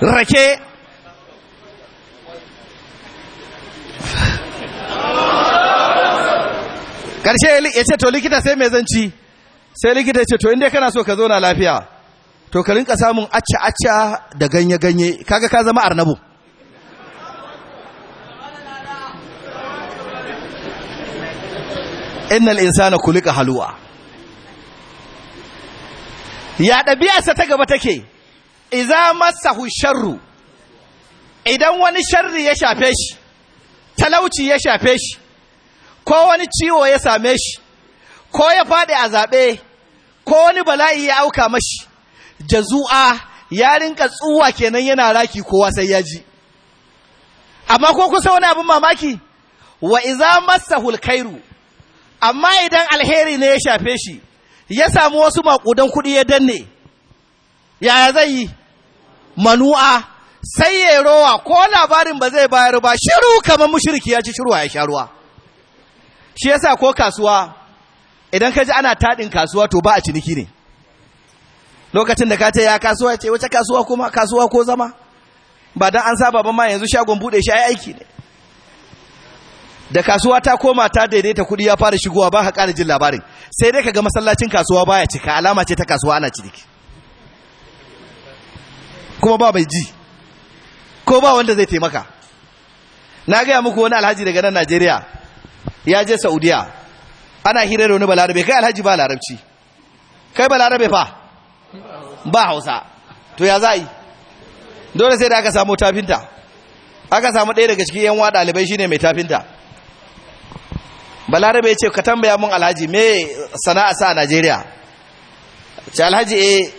rake ƙarshe ya ce to likita sai mai zanci sai likita ya ce to inda kana so ka zo na lafiya to ka rinka samun acca-acca da ganye-ganye kaga ka zama arnabu innal insana kulika halu'a ya ɗabi'arsa ta gaba take idza massahu sharru idan wani sharri ya shafe shi talauci ya shafe shi ko wani ciwo ya same shi ko ya faɗi a zaɓe ko wani bala'i ya auka mashi jazu'a ya rinka tsuwa kenan yana raki kowa sai ya ji amma ko kusa wani abin mamaki wa iza massahul khairu amma idan alheri ne ya shafe shi ya samu wasu makudan kudi ya danne yaya zai yi manu'a sai ya rowa ko labarin ba zai bayar ba shiru kamar mushriki ya ci shirwa ya sha ruwa shi yasa ko kasuwa idan ka ji ana taɗin kasuwa to ba a ciniki ne lokacin da ka ce ya kasuwa ce wace kasuwa kuma kasuwa ko zama ba dan an saba ba ma yanzu shagon bude shi ai aiki ne da kasuwa ta koma ta daidaita kuɗi ya fara shigowa ba ka ƙara jin labarin sai dai ka ga masallacin kasuwa baya cika alama ce ta kasuwa ana ciniki kuma ba mai ji ko ba wanda zai taimaka na gaya muku wani alhaji daga nan najeriya ya je saudiya ana hira da wani balarabe kai alhaji ba larabci kai balarabe fa ba hausa to ya za yi dole sai da aka samu tafinta aka samu ɗaya daga cikin yan wa ɗalibai shine mai tafinta balarabe ya ce ka tambaya mun alhaji me sana'a sa a najeriya ce alhaji eh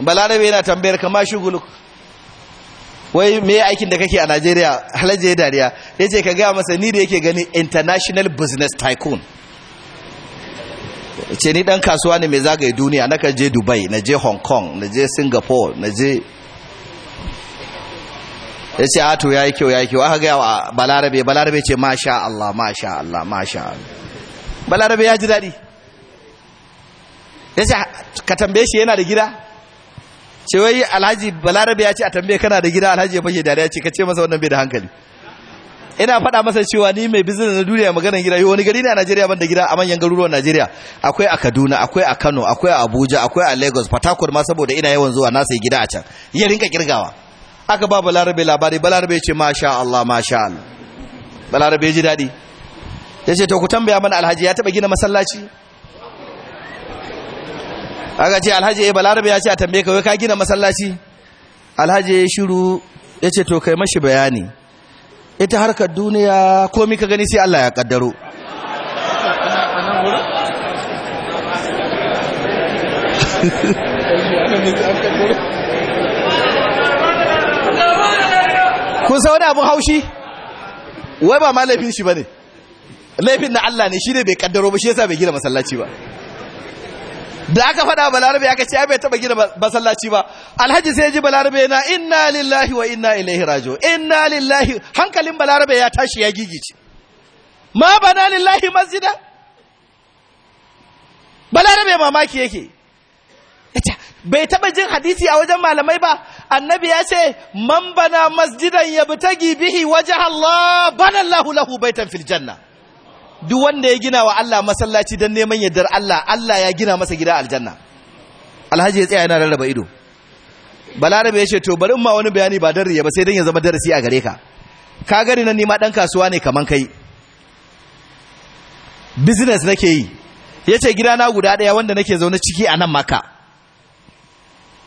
balarabe yana tambayar kama shuguluk wai me aikin da kake a najeriya alhaji ya dariya ya ce ka gaya masa ni da yake gani international business tycoon ce ni dan kasuwa ne mai zagaye duniya na je dubai na je hong kong na je singapore na je ya ce ato ya yi kyau ya yi kyau aka gaya wa balarabe balarabe ce masha Allah masha Allah masha balarabe ya ji daɗi ya ce ka tambaye shi yana da gida ce wai alhaji balarabe ya ce a tambaye kana da gida alhaji ya fashe da ya ce ka ce masa wannan bai da hankali ina faɗa masa cewa ni mai bizina na duniya maganar gida yi wani gari ne a najeriya ban da gida a manyan garuruwan najeriya akwai a kaduna akwai a kano akwai a abuja akwai a lagos port ma saboda ina yawan zuwa na sai gida a can ya rinka kirgawa aka ba balarabe labari balarabe ce masha Allah masha Allah balarabe ji daɗi ya ce to ku tambaya mana alhaji ya taɓa gina masallaci aka ce alhaji ya eh, balarabe ya ce a tambaye kawai ka gina masallaci alhaji ya shiru ya ce to kai mashi bayani ita harkar duniya komi ka gani sai Allah ya kaddaro kun sa wani abin haushi wai ba ma laifin shi ba ne laifin na Allah ne shi ne bai kaddaro ba shi yasa bai gina masallaci ba da aka faɗa balarabe aka ce bai taɓa gina masallaci ba alhaji sai ji balarabe na inna lillahi wa inna ilaihi rajo inna lillahi hankalin balarabe ya tashi ya gigice ma bana lillahi masjida balarabe mamaki yake bai taɓa jin hadisi a wajen malamai ba annabi ya ce man bana masjidan yabtagi bihi waje Allah bana Allahu lahu baitan fil janna duk wanda ya gina wa Allah masallaci dan neman yardar Allah Allah ya gina masa gida aljanna alhaji ya tsaya yana rarraba ido balarabe ya ce to bari ma wani bayani ba dan riya ba sai dan ya zama darasi a gare ka ka gani nan ni ma dan kasuwa ne kaman kai business nake yi yace gida na guda daya wanda nake zaune ciki a nan maka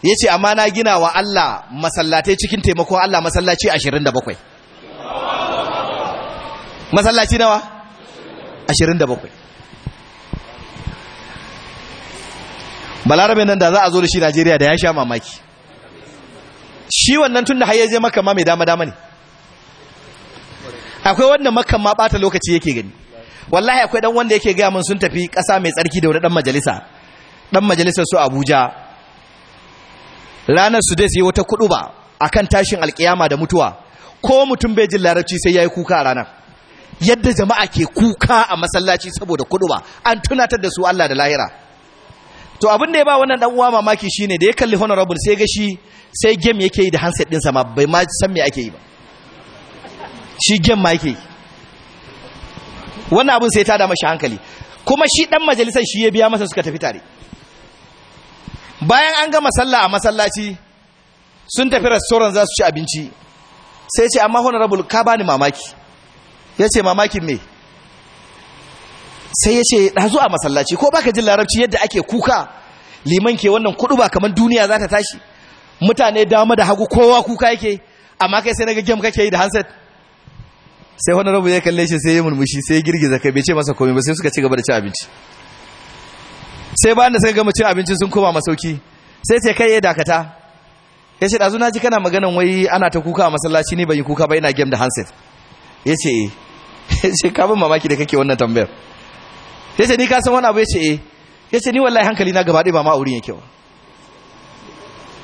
ya ce amma na gina wa Allah masallatai cikin taimakon Allah masallaci 27 masallaci nawa 27 balarabe nan da za a zo da shi Najeriya da ya sha mamaki shi wannan tun da hayyaje maka ma mai dama dama ne akwai wannan makan ma bata lokaci yake gani wallahi akwai dan wanda yake gaya mun sun tafi kasa mai tsarki da wani dan majalisa dan majalisar su Abuja ranar su dai su wata kudu ba kan tashin alkiyama da mutuwa ko mutum bai jin larabci sai ya yi kuka a ranar yadda jama'a ke kuka a masallaci saboda kudu ba an tunatar da su Allah da lahira to abin da ya ba wannan dan uwa mamaki shine da ya kalli honorable sai ga shi sai game yake yi da handset din ma bai ma san me ake yi ba shi game ma yake yi wannan abin sai ta da mashi hankali kuma shi dan majalisar shi ya biya masa suka tafi tare bayan an gama sallah a masallaci sun tafi restaurant za su ci abinci sai ce amma honorable ka bani mamaki ya ce mamakin me sai ya ce ɗazu a masallaci ko baka jin larabci yadda ake kuka liman ke wannan kudu ba kamar duniya za ta tashi mutane dama da hagu kowa kuka yake amma kai sai na gaggam kake yi da handset sai honorable ya kalle shi sai ya murmushi sai ya girgiza kai bai ce masa komai ba sai suka ci gaba da ci abinci sai bayan da suka gama cin abinci sun koma masauki sai ce kai ya dakata ya ce ɗazu na ji kana maganan wai ana ta kuka a masallaci ne ban yi kuka ba ina game da hanset ya ce e ya ce ka bin mamaki da kake wannan tambayar ya ce ni ka san wani abu ya ce e ya ce ni wallahi hankali na gaba ɗaya ba ma a wurin yake ba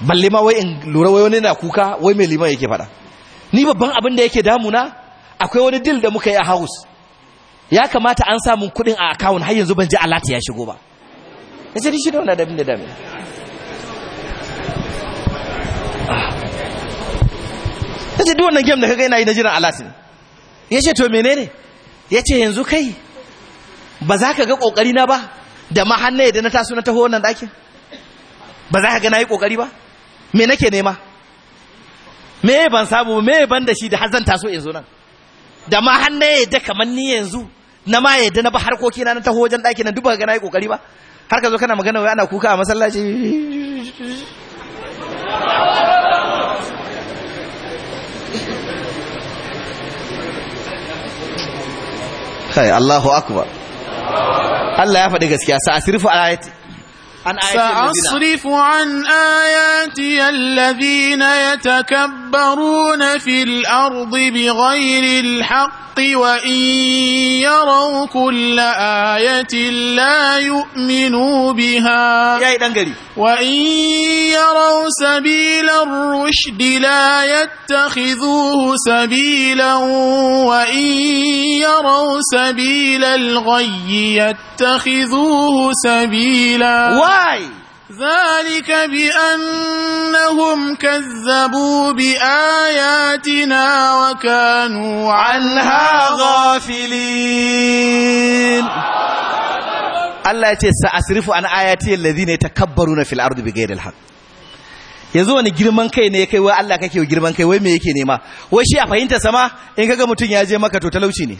balle ma wai in lura wai wani na kuka wai mai liman yake faɗa ni babban abin da yake damuna akwai wani deal da muka yi a house ya kamata an samun kuɗin a account har yanzu ban ji alert ya shigo ba yace ni shi da wannan abin da dame yace duk wannan game da kaga yana yi na jiran Ya ce to menene ce yanzu kai ba za ka ga kokari na ba da ma hannaye da na taso na taho wannan dakin ba za ka ga nayi kokari ba me nake nema me ban samu me ban da shi da har zan taso yanzu nan da ma hannaye da kaman ni yanzu na ma yadda na ba harkoki na na taho wajen ɗakin nan duk ba ga nayi kokari ba har ka zo kana magana wai ana kuka a masallaci kai Allahu akbar Allah ya faɗi gaskiya sa asirfu ayati عن آية سأصرف عن آياتي الذين يتكبرون في الأرض بغير الحق وإن يروا كل آية لا يؤمنوا بها وإن يروا سبيل الرشد لا يتخذوه سبيلا وإن يروا سبيل الغي يتخذوه سبيلا Why? ذلك بأنهم كذبوا بآياتنا وكانوا عنها غافلين Allah ya ce عن an الذين يتكبرون في الأرض بغير الحق yanzu wani girman kai ne kai wai Allah kake girman kai wai me yake nema wai shi a fahimta sama in kaga mutun ya je maka to talauci ne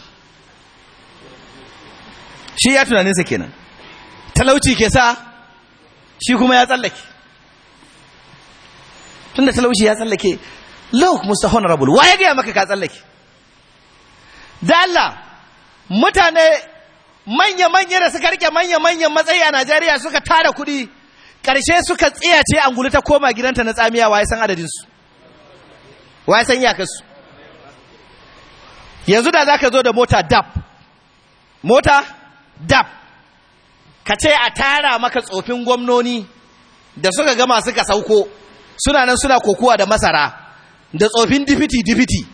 shi ya tunanin sa kenan talauci ke sa shi kuma ya tsallake tunda talauci ya tsallake look musta honorable wa ya gaya maka ka tsallake da Allah mutane manya-manya da suka rike manya-manyan matsayi a Najeriya suka tara kuɗi ƙarshe suka tsiyace angulu ta koma gidanta na tsamiya wa ya san adadinsu wa ya san iyakarsu yanzu da za ka zo da mota dab mota dab ka ce a tara maka tsofin gwamnoni da suka gama suka sauko suna nan suna kokowa da masara da tsofin difiti-difiti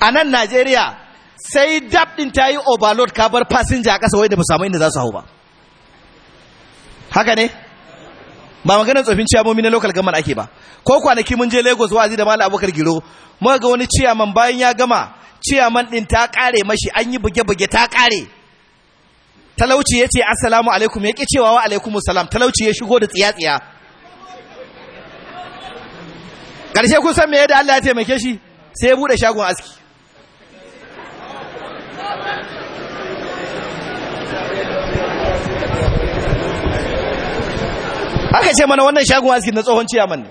a nan najeriya sai dab ɗin ta yi overload ka bar fasinja a ƙasa wai da ba samu inda za su hau ba haka ne ba maganar tsofin ciyamomi na local gama ake ba ko kwanaki mun je lagos wa'azi da malam abubakar giro muka ga wani ciyaman bayan ya gama ciyaman ɗin ta ƙare mashi an yi buge-buge ta ƙare talauci ya ce assalamu alaikum ya ƙi cewa wa alaikum salam talauci ya shigo da tsiya-tsiya ƙarshe kun san me yadda Allah ya taimake shi sai ya buɗe shagon aski aka ce mana wannan shagon aski na tsohon ciyaman ne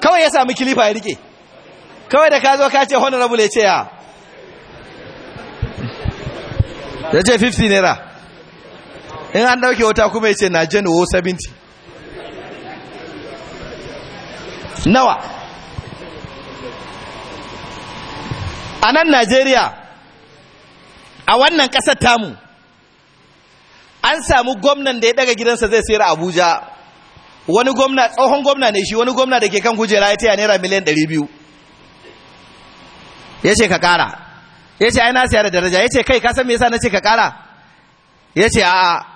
kawai ya sami kilifa ya rike kawai da ka zo ka ce honorable ya ce ya ya ce 50 naira in an dauke wata kuma ya ce na jan wo 70 nawa a nan najeriya a wannan ƙasar tamu an samu gwamnan da ya daga gidansa zai sayar abuja wani gwamna tsohon gwamna ne shi wani gwamna da ke kan kujera ya taya naira miliyan 200 ya ce ka kara ya ce ai na siya da daraja ya ce kai kasan me yasa na ce ka kara ya ce a'a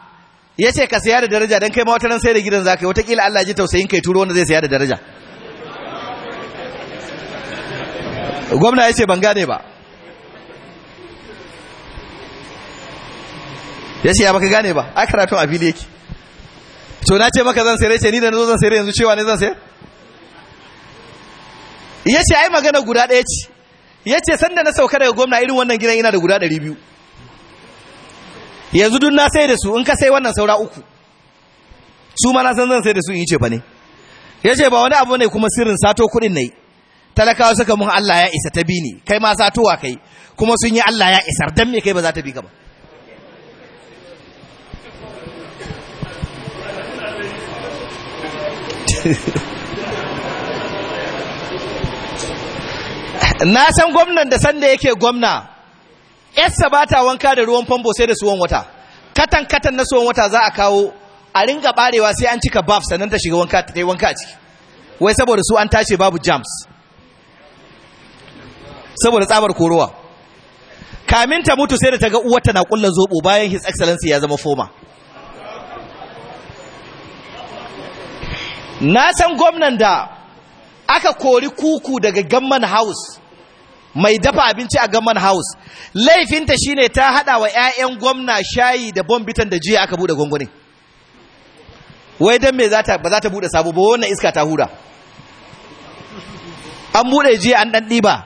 ya ce ka saya da daraja don kai ma wata ran sai da gidan za ka yi watakila Allah ji tausayin kai turo wanda zai saya da daraja gwamna ya ce ban gane ba ya ce ya maka gane ba a karatun a fili yake to na ce maka zan sayar ce ni da nazo zan sayar yanzu cewa ne zan sayar ya ce ai magana guda ɗaya ce ya ce sanda na sauka daga gwamna irin wannan gidan ina da guda ɗari biyu yanzu duk na sai da su in ka sai wannan saura uku su ma na san zan sai da su in ce ba ne ya ce ba wani abu ne kuma sirrin sato kuɗin na yi talakawa suka mun Allah ya isa ta bi ni kai ma satowa kai kuma sun yi Allah ya isar dan me kai ba za ta bi ka ba na san gwamnan da sanda yake gwamna yarsa ba ta wanka da ruwan famfo sai da suwan wata katan katan na suwan wata za a kawo a ringa barewa sai an cika baf sannan ta shiga wanka ta wanka a ciki wai saboda su an tashi babu jams saboda tsabar korowa kamin ta mutu sai da ta ga Uwar ta na kullan zobo bayan his excellency ya zama foma na san gwamnan da aka kori kuku daga gamman house mai dafa abinci a gaman house laifinta shine ta hada wa 'ya'yan gwamna shayi da bombitan da jiya aka bude gwangwani. wai don me ba za ta bude sabo ba wannan iska ta hura an bude jiya an ɗanɗi ba.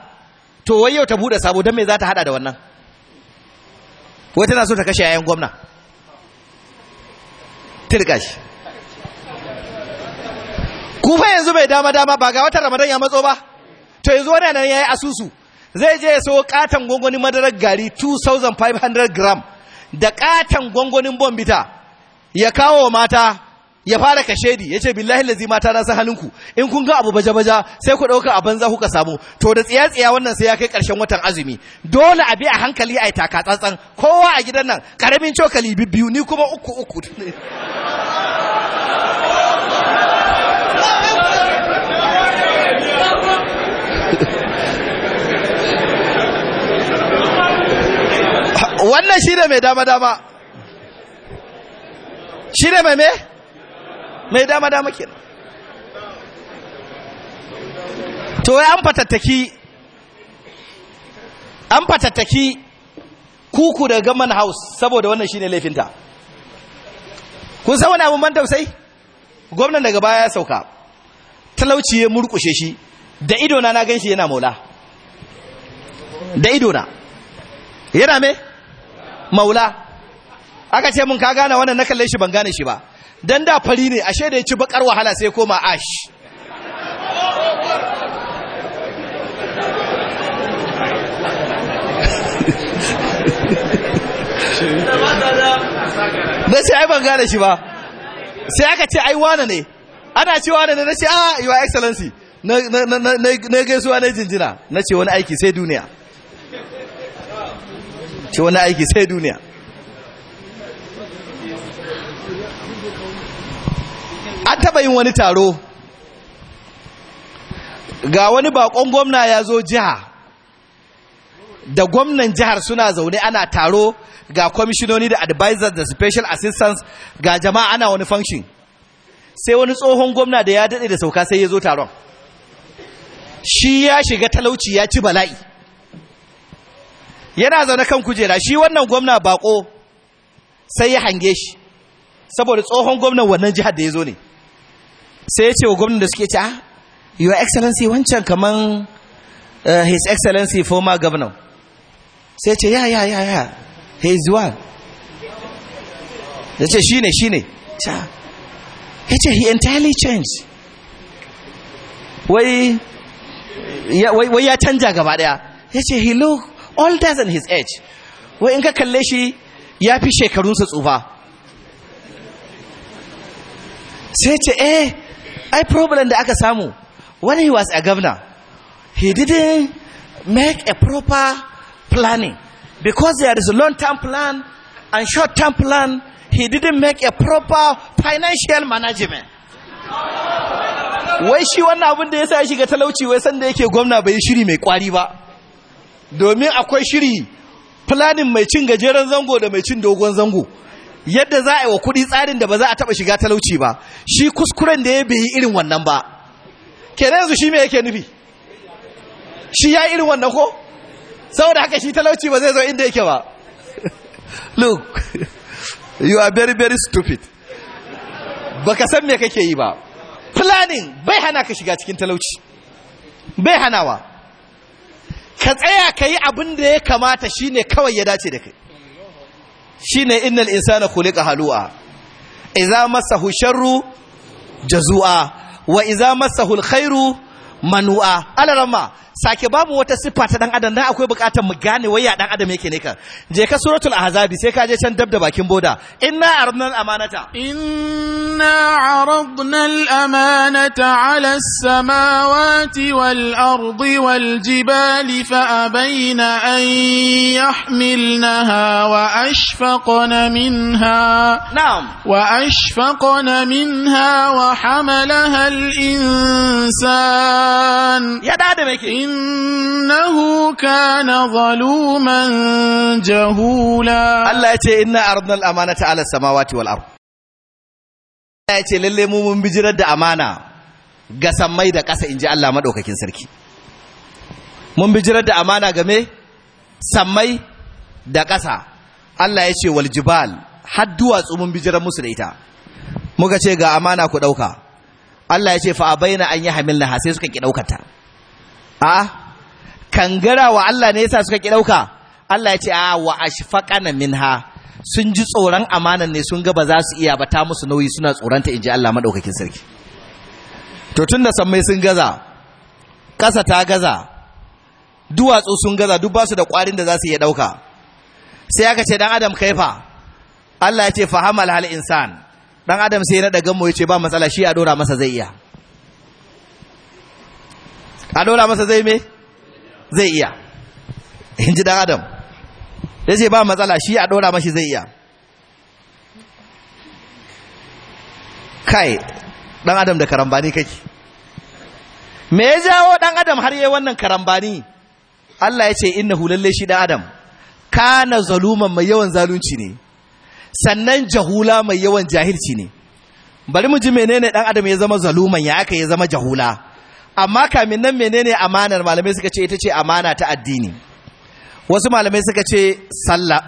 to wai yau ta bude sabo don me za ta hada da wannan wai tana so ta kashe 'ya'yan gwamna tirka shi ku fa yanzu mai dama dama ba ga watan ramadan ya matso ba to yanzu wani nan ya yi asusu zai je ya sayo katon gwangwanin madarar gari 2500 gram da katon gwangwanin bombita ya kawo mata ya fara kashedi ya ce billahi lazi mata na san halinku in kun ga abu baja-baja sai ku ɗauka a banza kuka samu to da tsiya-tsiya wannan sai ya kai ƙarshen watan azumi dole a bi a hankali a yi taka tsantsan kowa a gidan nan ƙaramin cokali biyu ni kuma uku uku shi ne mai dama-dama shi ne mai mai dama-dama kenan to ya an fatattaki an fatattaki kuku da gaman house saboda wannan shi ne laifinta kun sa wani abin tausayi gwamnan daga baya ya sauka talauci ya murkushe shi da idona na shi yana maula da idona yana me maula aka ce mun ka gane wannan na kalle shi ban gane shi ba dan da fari ne ashe da ya ci bakar wahala sai koma ash na ce ai ban gane shi ba sai aka ce ai wane ne ana ce wane ne na ce ah your excellency na gaisuwa na jinjina na ce wani aiki sai duniya ce wani aiki sai duniya an taɓa yin wani taro ga wani bakon gwamna ya zo jiha da gwamnan jihar suna zaune ana taro ga kwamishinoni da advisors da special assistants ga jama'a ana wani function sai wani tsohon gwamna da ya daɗe da sauka sai ya zo taron shi ya shiga talauci ya ci bala'i yana zaune kan kujera shi wannan gwamna bako sai ya hange shi saboda tsohon gwamnan wannan jihar da ya zo ne sai ya ce wa gwamnan da suke ce ah, your excellency wancan kaman eh, his excellency former governor sai ce ya ya ya ya he is one ya ce shi ne shi ne ya ce he entirely changed wai ya canja gaba daya ya ce he look older than his age wai in ka kalle shi ya fi shekarunsa tsufa sai ce eh ai problem da aka samu when he was a governor he didn't make a proper planning because there is a long-term plan and short-term plan he didn't make a proper financial management wai shi wannan abin da ya sa shiga talauci wai sanda yake gwamna bai shiri mai kwari ba domin akwai shiri planin mai cin gajeren zango da mai cin dogon zango yadda za a yi wa kuɗi tsarin da ba za a taɓa shiga talauci ba shi kuskuren da ya bai irin wannan ba kenan yanzu shi me yake nufi shi ya irin wannan ko saboda haka shi talauci ba zai zo inda yake ba look you are very very stupid ka san me kake yi ba planning bai hana ka shiga cikin talauci bai hanawa ka tsaya ka yi abin da ya kamata ne kawai ya dace da kai shine innal insana kulika halu'a Iza masahu sharru jazua wa iza masahu alkhairu manu'a alarama sake babu wata siffa ta dan adam dan akwai bukatar mu gane wai ya dan adam yake ne kan je ka suratul ahzabi sai ka je can dab da bakin boda inna aradna al amanata inna aradna al amanata ala samawati wal ardi wal jibali fa abaina an yahmilnaha wa ashfaqna minha na'am wa ashfaqna minha wa hamalaha al insan ya da adam yake innahu kana zaluman jahula Allah ya ce inna aradna al-amanata ala samawati wal ard Allah ya ce lalle mu mun bijirar da amana ga sammai da ƙasa inji Allah madaukakin sarki mun bijirar da amana game sammai da ƙasa Allah ya ce wal jibal har duwatsu mun bijirar musu da ita muka ce ga amana ku ɗauka Allah ya ce fa abaina an yi hamilna sai suka ki ta a kangara wa Allah ne yasa suka ki dauka Allah ya ce a wa ashfaqana minha sun ji tsoron amanan ne sun ga ba za su iya ba ta musu nauyi suna tsoronta inji Allah madaukakin sarki to tunda sammai sun gaza ƙasa ta gaza duwatsu sun gaza duk ba su da kwarin da za su iya ɗauka sai aka ce dan adam kaifa Allah ya ce fahamal hal insan dan adam sai na daga mu ya ce ba matsala shi a ɗora masa zai iya a ɗora masa zai me zai iya in ji adam ya ce ba matsala shi a ɗora mashi zai iya kai dan adam da karambani kake me ya jawo dan adam har yi wannan karambani Allah ya ce inna hulalle shi dan adam kana zaluman mai yawan zalunci ne sannan jahula mai yawan jahilci ne bari mu ji menene dan adam ya zama zaluman ya aka ya zama jahula amma kamin nan menene amanar malamai suka ce ita ce amana ta addini wasu malamai suka ce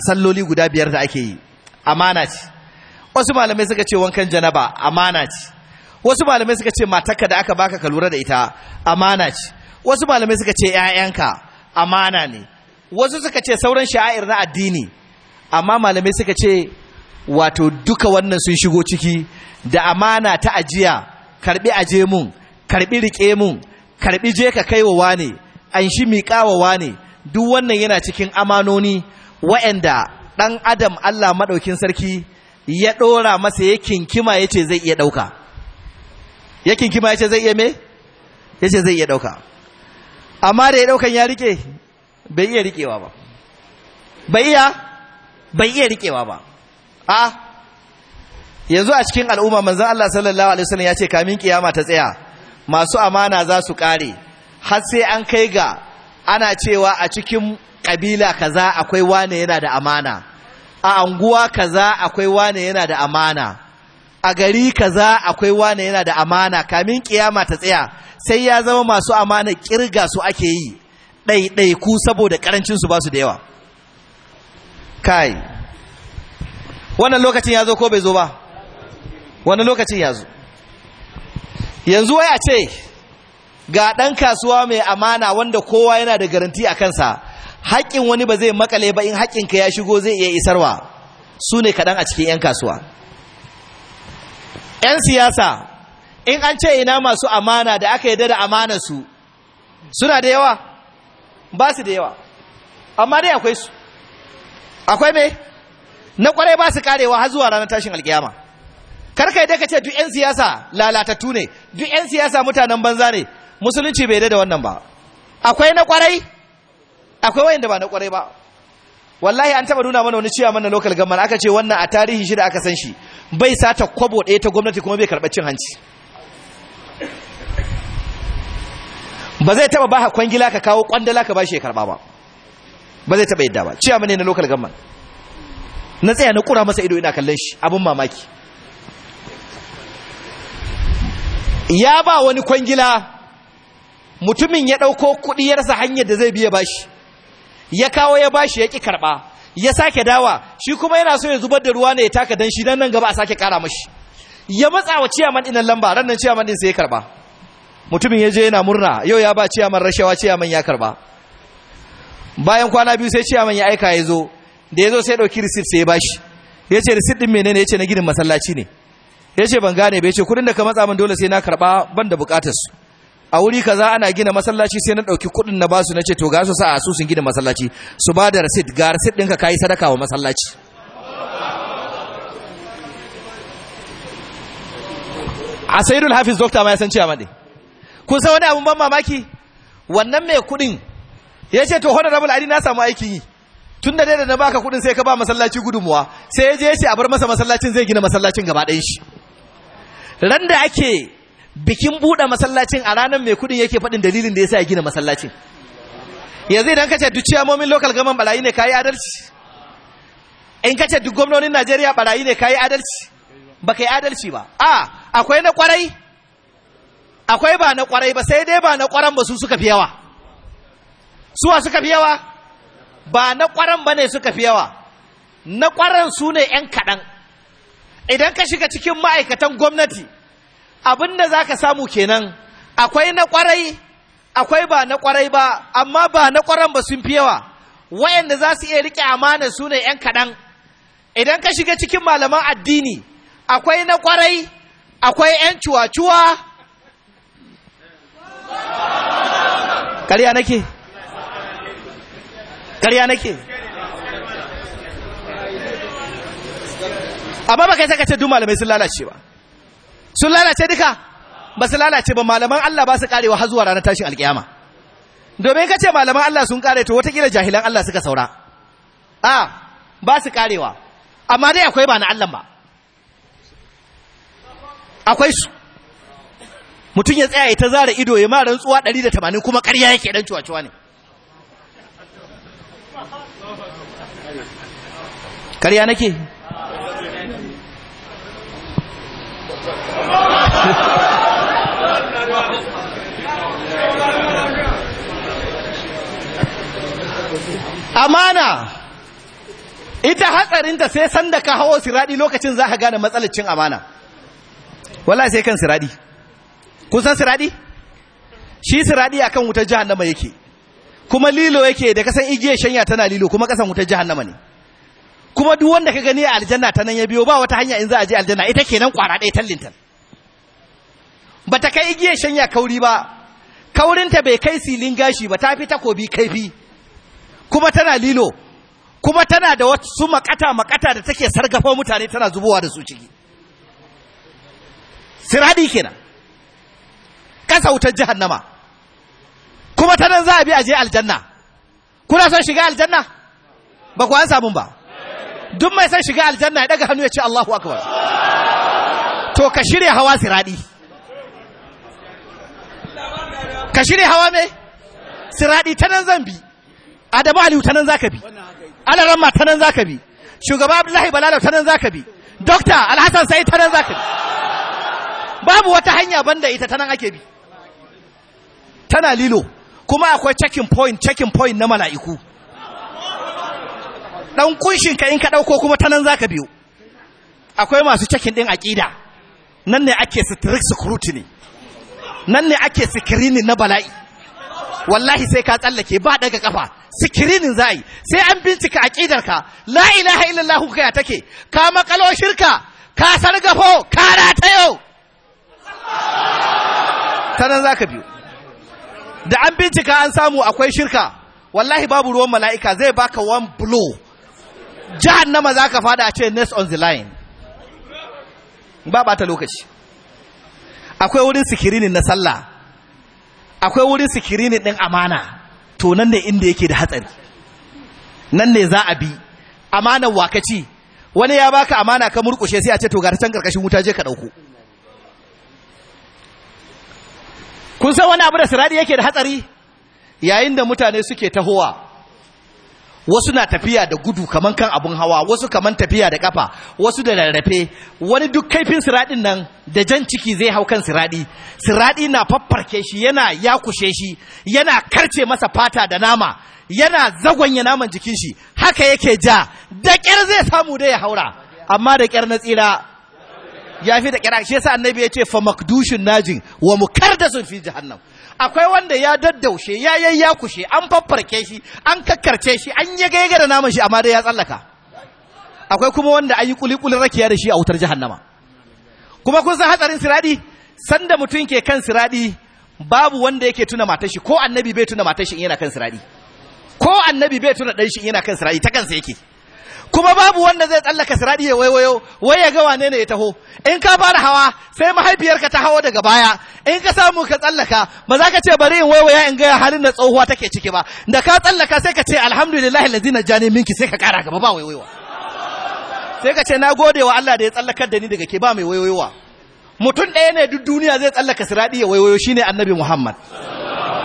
salloli guda biyar da ake yi amana ce wasu malamai suka ce wankan janaba amana ce wasu malamai suka ce matarka da aka baka ka lura da ita amana ce wasu malamai suka ce ‘ya'yanka amana ne wasu suka ce sauran sha’ir na addini amma malamai suka ce wato duka wannan sun shigo ciki da amana ta ajiya karbi aje mun karbi rike mun karbi je ka kaiwa wane an shi wa wane duk wannan yana cikin amanoni wa'anda ɗan adam Allah maɗaukin sarki ya ɗora masa ya kinkima ya ce zai iya ɗauka ya kinkima ya ce zai iya me ya ce zai iya ɗauka amma da ya ɗaukan ya riƙe bai iya riƙewa ba bai iya bai iya riƙewa ba a ah, yanzu a cikin al'umma manzan Allah sallallahu alaihi wasallam ya ce kamin kiyama ta tsaya masu amana za su ƙare har sai an kai ga ana cewa a cikin ƙabila kaza akwai wane yana da amana a anguwa kaza akwai wane yana da amana a gari kaza akwai wane yana da amana kamin kiyama ta tsaya sai ya zama masu amana kirga su ake yi ɗaiɗaiku saboda ƙarancin su ba su da yawa kai wannan lokacin ya zo ko bai zo ba wannan lokacin ya zo yanzu waya ce ga ɗan kasuwa mai amana wanda kowa yana da garanti a kansa haƙƙin wani ba zai makale ba in haƙƙinka ya shigo zai iya isarwa su ne kaɗan a cikin 'yan kasuwa 'yan siyasa in an ce ina masu amana da aka yarda da amana su suna da yawa ba su da yawa amma dai akwai su akwai me na kwarai ba su karewa har zuwa ranar tashin alkiyama karka yi daga ce duk 'yan siyasa lalatattu ne duk 'yan siyasa mutanen banza ne musulunci bai da wannan ba akwai na kwarai akwai wayanda ba na kwarai ba wallahi an taba nuna mana wani ciya mana local gamar aka ce wannan a tarihi shi da aka san shi bai sata kwabo ɗaya ta gwamnati kuma bai karɓar cin hanci ba zai taba ba kwangila ka kawo kwandala ka bashi ya karɓa ba ba zai taba yadda ba ciya mana na local gamar na tsaya na kura masa ido ina kallon shi abin mamaki ya ba wani kwangila mutumin ya ɗauko kuɗiyarsa hanyar da zai biya bashi ya kawo ya bashi ya ƙi karɓa ya sake dawa shi kuma yana so ya zubar da ruwa ne ya taka dan shi dan nan gaba a sake ƙara mashi ya matsa wa ciyaman ɗinan lamba ran ciyaman ɗin sai ya karɓa mutumin ya je yana murna yau ya ba ciyaman rashawa ciyaman ya karɓa bayan kwana biyu sai ciyaman ya aika ya zo da ya zo sai ɗauki receipt sai ya bashi ya ce receipt ɗin menene ya ce na ginin masallaci ne ya ce ban gane bai ce kudin da ka matsa min dole sai na karɓa ban da bukatar su a wuri kaza ana gina masallaci sai na ɗauki kudin na basu na ce to ga su sa a su sun gina masallaci su ba da rasit ga rasit ɗinka ka yi sadaka wa masallaci a sayidul hafiz dokta ma ya san cewa maɗe kun san wani abun ban mamaki wannan mai kudin ya ce to honorable ali na samu aikin yi tun da dai da na baka kudin sai ka ba masallaci gudunmuwa sai ya je ya ce a bar masa masallacin zai gina masallacin gaba ɗayan shi ran da ake bikin buɗe masallacin a ranar mai kudin yake faɗin dalilin da ya sa ya gina masallacin yanzu idan ka ce duk ciyamomin local government barayi ne kayi adalci in ka ce duk gwamnonin najeriya barayi ne kayi adalci ba ka yi adalci ba a akwai na kwarai akwai ba na kwarai ba sai dai ba na kwaran ba su suka fi yawa suwa suka fi yawa ba na kwaran ba ne suka fi yawa na kwaran su ne 'yan kaɗan idan ka shiga cikin ma'aikatan gwamnati abinda da za ka samu kenan akwai na kwarai akwai ba na kwarai ba amma ba na kwaran ba sun fi yawa wayanda za su iya rike amana su ne yan kaɗan idan ka shiga cikin malaman addini akwai na kwarai akwai yan cuwa-cuwa ƙarya nake ƙarya nake amma ba kai saka ce duk malamai sun lalace ba sun lalace duka ba su lalace ba malaman Allah ba su karewa har zuwa ranar tashin alkiyama domin kace malaman Allah sun kare to wataƙila jahilan Allah suka saura a ba su karewa amma dai akwai ba na Allah ba akwai su mutum ya tsaya ya ta zara ido ya mara rantsuwa 180 kuma ƙarya yake dan cuwa-cuwa ne ƙarya nake amana ita hatsarinta sai sanda ka hawo siradi lokacin za ka gane matsalar cin amana wallahi sai kan siradi kun san siradi shi siradi akan wutar jihannama yake kuma lilo yake da kasan igiyar shanya tana lilo kuma kasan wutar jihannama ne kuma duk wanda ka gani a aljanna ta nan ya biyo ba wata hanya in za a je aljanna ita kenan kwara ɗaya tallintan ba ta kai igiyar shanya kauri ba kaurinta bai kai silin gashi ba ta fi takobi kaifi kuma tana lilo kuma tana da wasu makata makata da take sargafa mutane tana zubowa da su ciki siradi kenan kasa wutar jahannama kuma ta nan za a bi a je aljanna kuna son shiga aljanna ba ku an samun ba duk mai son shiga aljanna ya daga hannu ya ce Allahu akbar to ka shirya hawa siradi ka shirya hawa me siradi ta nan zan bi Adamu Aliyu ta nan zaka bi Alaramma ta nan zaka bi shugaba Abdullahi Balala ta nan zaka bi Dokta Alhassan Sai ta nan zaka bi babu wata hanya banda ita ta nan ake bi tana lilo kuma akwai checking point checking point na mala'iku dan kunshin ka in ka dauko kuma ta nan zaka biyo akwai masu cikin din aqida nan ne ake strict scrutiny nan ne ake screening na bala'i wallahi sai ka tsallake ba daga kafa screening zai sai an bincika aqidar ka la ilaha illallah kai take ka makalo shirka ka sargafo ka ratayo ta nan zaka biyo da an bincika an samu akwai shirka wallahi babu ruwan mala'ika zai baka one blow jahannama za ka fada a ce next on the line ba bata lokaci akwai wurin sikirinin na sallah akwai wurin sikirinin ɗin amana to nan ne inda yake da hatsari nan ne za a bi amanar wakaci wani ya baka amana ka murkushe sai a ce to ga can karkashin wuta je ka ɗauko. kun san wani abu da sirari yake da hatsari yayin da mutane suke tahowa wasu na tafiya da gudu kaman kan abun hawa wasu kaman tafiya da kafa wasu da rarrafe wani duk kaifin siraɗin nan da jan ciki zai hau kan siradi siradi na faffarke shi yana yakushe shi yana karce masa fata da nama yana ya naman jikin shi haka yake ja da ƙyar zai samu da ya haura amma da ƙyar na tsira ya fi da ƙyar shi yasa annabi ya ce fa makdushin najin wa sun fi jahannam akwai wanda ya daddaushe ya yayyakushe an faffarke shi an kakkarce shi an yi yaga da naman shi amma dai ya tsallaka akwai kuma wanda an yi kulikulin rakiya da shi a wutar jahannama kuma kun san hatsarin siradi sanda mutum ke kan siradi babu wanda yake tuna matar ko annabi bai tuna matar shi yana kan siradi ko annabi bai tuna dan shi yana kan siradi ta kansa yake kuma babu wanda zai tsallaka siraɗi ya waiwayo wai ya ga wane ne ya taho in ka fara hawa sai mahaifiyarka ta hawo daga baya in ka samu ka tsallaka ba za ka ce bari in waiwaya in gaya halin da tsohuwa take ciki ba da ka tsallaka sai ka ce alhamdulillahi lazina jani minki sai ka kara gaba ba waiwaiwa sai ka ce na gode wa Allah da ya tsallakar da ni daga ke ba mai waiwaiwa mutum ɗaya ne duk duniya zai tsallaka siradi ya waiwayo shine annabi Muhammad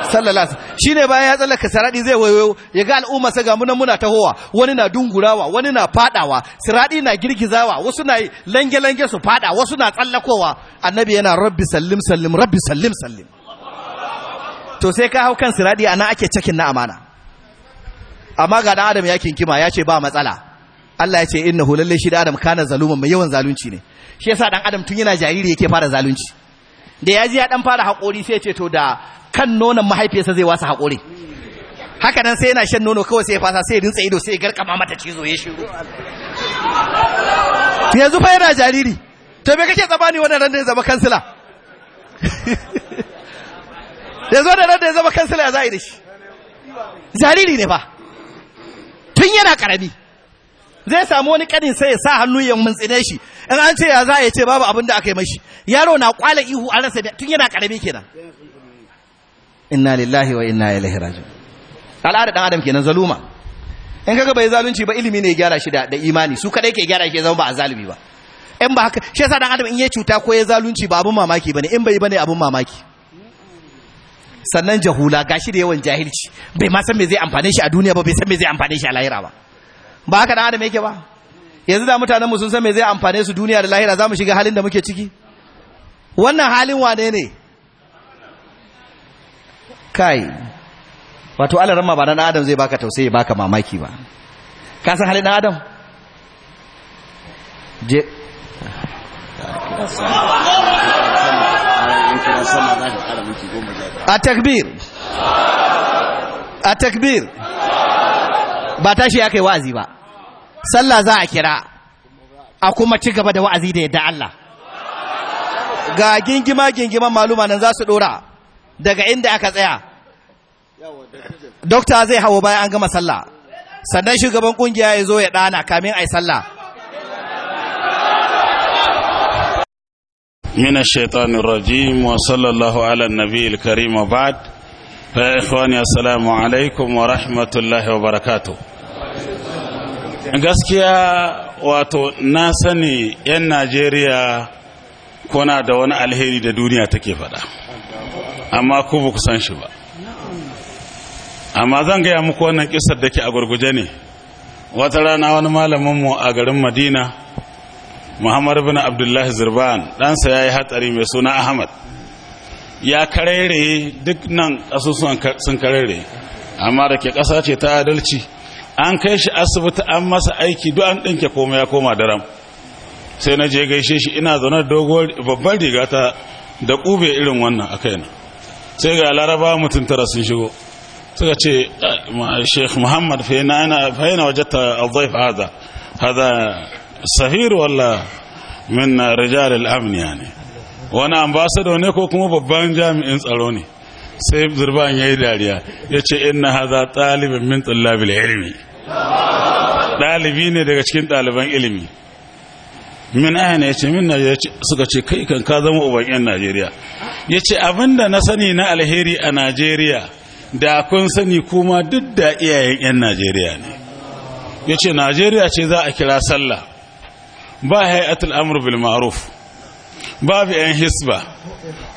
sallallahu shine bayan ya tsallaka siradi zai wayo ya ga al'umma sa ga muna muna tahowa wani na dungurawa wani na fadawa siradi na girgizawa wasu na lange lange su fada wasu na tsallakowa annabi yana rabbi sallim sallim rabbi sallim sallim to sai ka hau kan siradi ana ake cikin na amana amma ga dan adam ya kinkima ya ce ba matsala Allah ya ce innahu lalle shi da adam kana zaluman mai yawan zalunci ne shi yasa dan adam tun yana jariri yake fara zalunci da ya ji ya dan fara hakori sai ya ce to da kan nonon mahaifiyarsa zai wasa haƙuri haka nan sai yana shan nono kawai sai ya fasa sai ya rintsa ido sai ya garkama mata cizo ya shiru yanzu fa yana jariri to me kake tsamani wannan ran da ya zama kansila yanzu wannan ran da ya zama kansila ya za'i da shi jariri ne fa tun yana karami zai samu wani kanin sai ya sa hannu ya muntsine shi in an ce ya za ya ce babu abin da aka yi mashi yaro na kwala ihu a rasa tun yana karami kenan inna lillahi wa inna ilaihi raji'un al'ada dan adam kenan zaluma in kaga bai zalunci ba ilimi ne ya gyara shi da imani su kadai ke gyara shi ya zama ba a zalimi ba in ba haka shi yasa dan adam in ya cuta ko ya zalunci ba abun mamaki bane in bai bane abun mamaki sannan jahula gashi da yawan jahilci bai ma san me zai amfane shi a duniya ba bai san me zai amfane shi a lahira ba ba haka dan adam yake ba yanzu da mutanenmu sun san me zai amfane su duniya da lahira za mu shiga halin da muke ciki wannan halin wane ne kai wato Allah rama ba dan adam zai baka tausayi baka mamaki ba ka san halin adam je a takbir a takbir ba tashi ya kai wa'azi ba sallah za a kira a kuma ci gaba da wa'azi da yadda Allah ga gingima gingiman maluma nan za su dora daga inda aka tsaya dokta zai hawo bayan an gama sallah sannan shugaban kungiya ya zo ya ɗana kamin a yi sallah Mina الشيطان الرجيم وصلى ala nabi النبي الكريم وبعد فيا إخواني alaikum wa rahmatullahi wa barakatu. gaskiya wato na sani 'yan najeriya kuna da wani alheri da duniya take faɗa amma ku ba ku san shi ba amma zan gaya muku wannan kisar da ke a gurguje ne wata rana wani malaminmu a garin madina muhammad bin abdullahi zirban ɗansa ya yi hatsari mai suna ahmad ya karere duk nan ƙasusuwan sun karere amma da ke ƙasa ce ta adalci an kai shi asibiti an masa aiki duk an ɗinke koma ya koma daram sai na je gaishe shi ina zaune dogon babbar riga ta da ƙube irin wannan a kaina sai ga laraba mutum tara sun shigo suka ce sheikh muhammad fahina wajata al zaif hada hada Safir wala min rijar al-amn ne, wani ambasado ne ko kuma babban jami'in tsaro ne sai zurban yi dariya ya ce ina haza talibin min tullabil ilimi dalibi ne daga cikin daliban ilimi min ayana yace min najeriya suka ce kai kan ka zama uban yan najeriya ya ce abinda na sani na alheri a najeriya da kun sani kuma duk da iyayen 'yan najeriya ne ya ce najeriya ce za a kira sallah ba hayatul amur bil ma'ruf babu 'yan hisba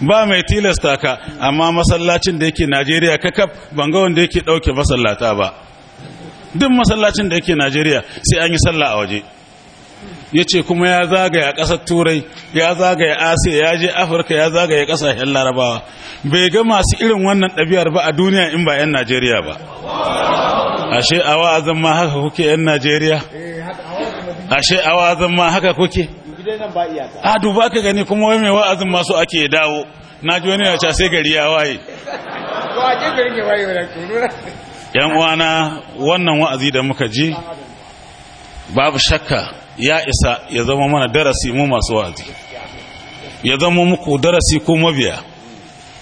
ba mai tilasta ka amma masallacin da yake najeriya kakaf banga wanda yake ɗauke masallata ba duk masallacin da yake najeriya sai an yi sallah a waje ya ce kuma ya zagaya ƙasar turai ya zagaya asiya ya je afirka ya zagaya ƙasashen larabawa bai ga masu irin wannan ɗabi'ar ba a duniya in ba 'yan najeriya ba ashe a wa'azin ma haka kuke 'yan najeriya ashe a wa'azin ma haka kuke a duba ka gani kuma wai mai wa'azin masu ake dawo na ji wani yace sai gari ya waye yan uwana wannan wa'azi da muka ji babu shakka ya isa ya zama mana darasi mu masu wa'azi ya zama muku darasi ko mabiya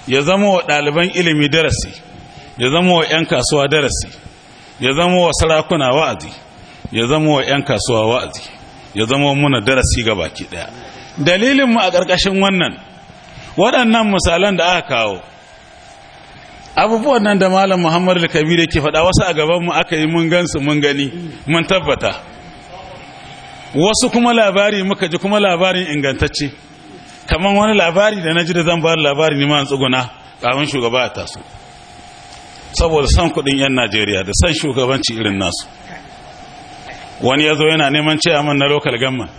ya zama wa ɗaliban ilimi darasi ya zama wa 'yan kasuwa darasi ya zama wa sarakuna wa'azi ya zama wa 'yan kasuwa wa'azi ya zama muna darasi ga baki ɗaya Dalilinmu a ƙarƙashin wannan waɗannan misalan da aka kawo abubuwan nan da malam muhammadu kabiru ke faɗa wasu a gabanmu aka yi mun gansu mun gani mun tabbata wasu kuma labari muka ji kuma labarin ingantacce kamar wani labari da na ji da zan ba labari ne man tsuguna kawun shugaba a taso saboda san kudin 'yan najeriya da san shugabanci irin nasu wani ya zo yana neman ciyaman na lokal gamman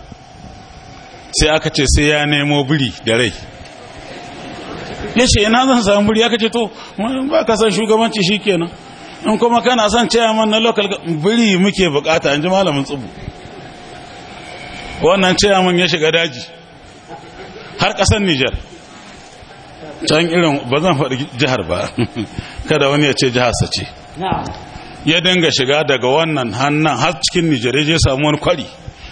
sai aka ce sai ya nemo biri da rai ya ce ina zan samu biri aka ce to ba ka san shugabanci shi kenan in kuma kana son ciyaman na lokal biri muke bukata an ji malamin tsubu wannan ciyaman ya shiga daji har kasan nijar can irin ba zan faɗi jihar ba kada wani ya ce jihar ce ya dinga shiga daga wannan hannun har cikin nijar ya je samu wani kwari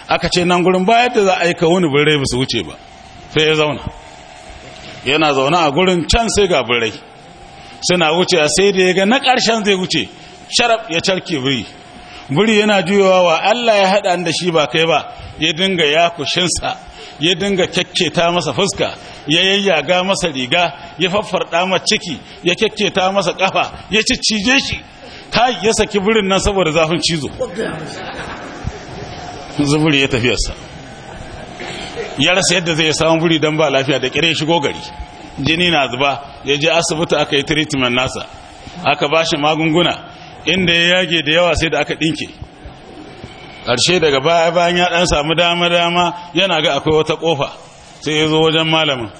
aka ce nan gurin ba yadda za a aika wani birrai ba su wuce ba sai ya zauna yana zaune a gurin can sai ga birrai suna wuce sai da ya ga na karshen zai wuce sharaf ya carke biri buri yana juyowa wa Allah ya haɗa da shi ba kai ba ya dinga yakushinsa ya dinga kyakketa masa fuska ya yayyaga masa riga ya faffarda masa ciki ya kyakketa masa kafa ya ciccije shi kai ya saki burin nan saboda zafin cizo zuburi ya tafiyarsa ya rasa yadda zai samu buri don ba lafiya da kire shigo gari jini na zuba ya je asibiti aka yi treatment nasa aka ba shi magunguna inda ya yage da yawa sai da aka ɗinke ƙarshe daga baya bayan ya ɗan samu dama-dama yana ga akwai wata ƙofa sai ya zo wajen malamin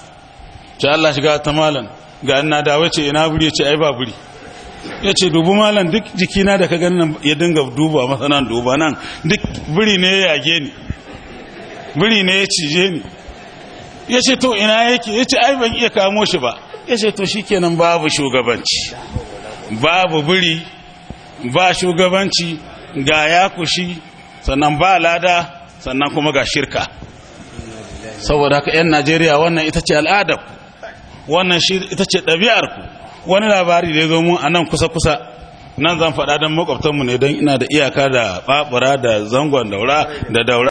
ce Allah shiga ta malam ga ina da wace ina buri ya ce ai ba buri ya ce dubu malam duk jikina da ka ganin ya dinga duba masanan duba nan duk buri ne ya yage ni buri ne ya cije ni ya ce to ina yake ya ce ai ban iya kamo shi ba ya ce to shikenan babu shugabanci babu buri ba shugabanci ga yakushi sannan ba lada sannan kuma ga shirka saboda haka 'yan najeriya wannan ita ce al'adar wannan ita ce ɗabi'arku wani labari da ya zo mun a nan kusa-kusa nan zan faɗa don makwabtanmu ne don ina da iyaka da ɓaɓura da zangon daura da daura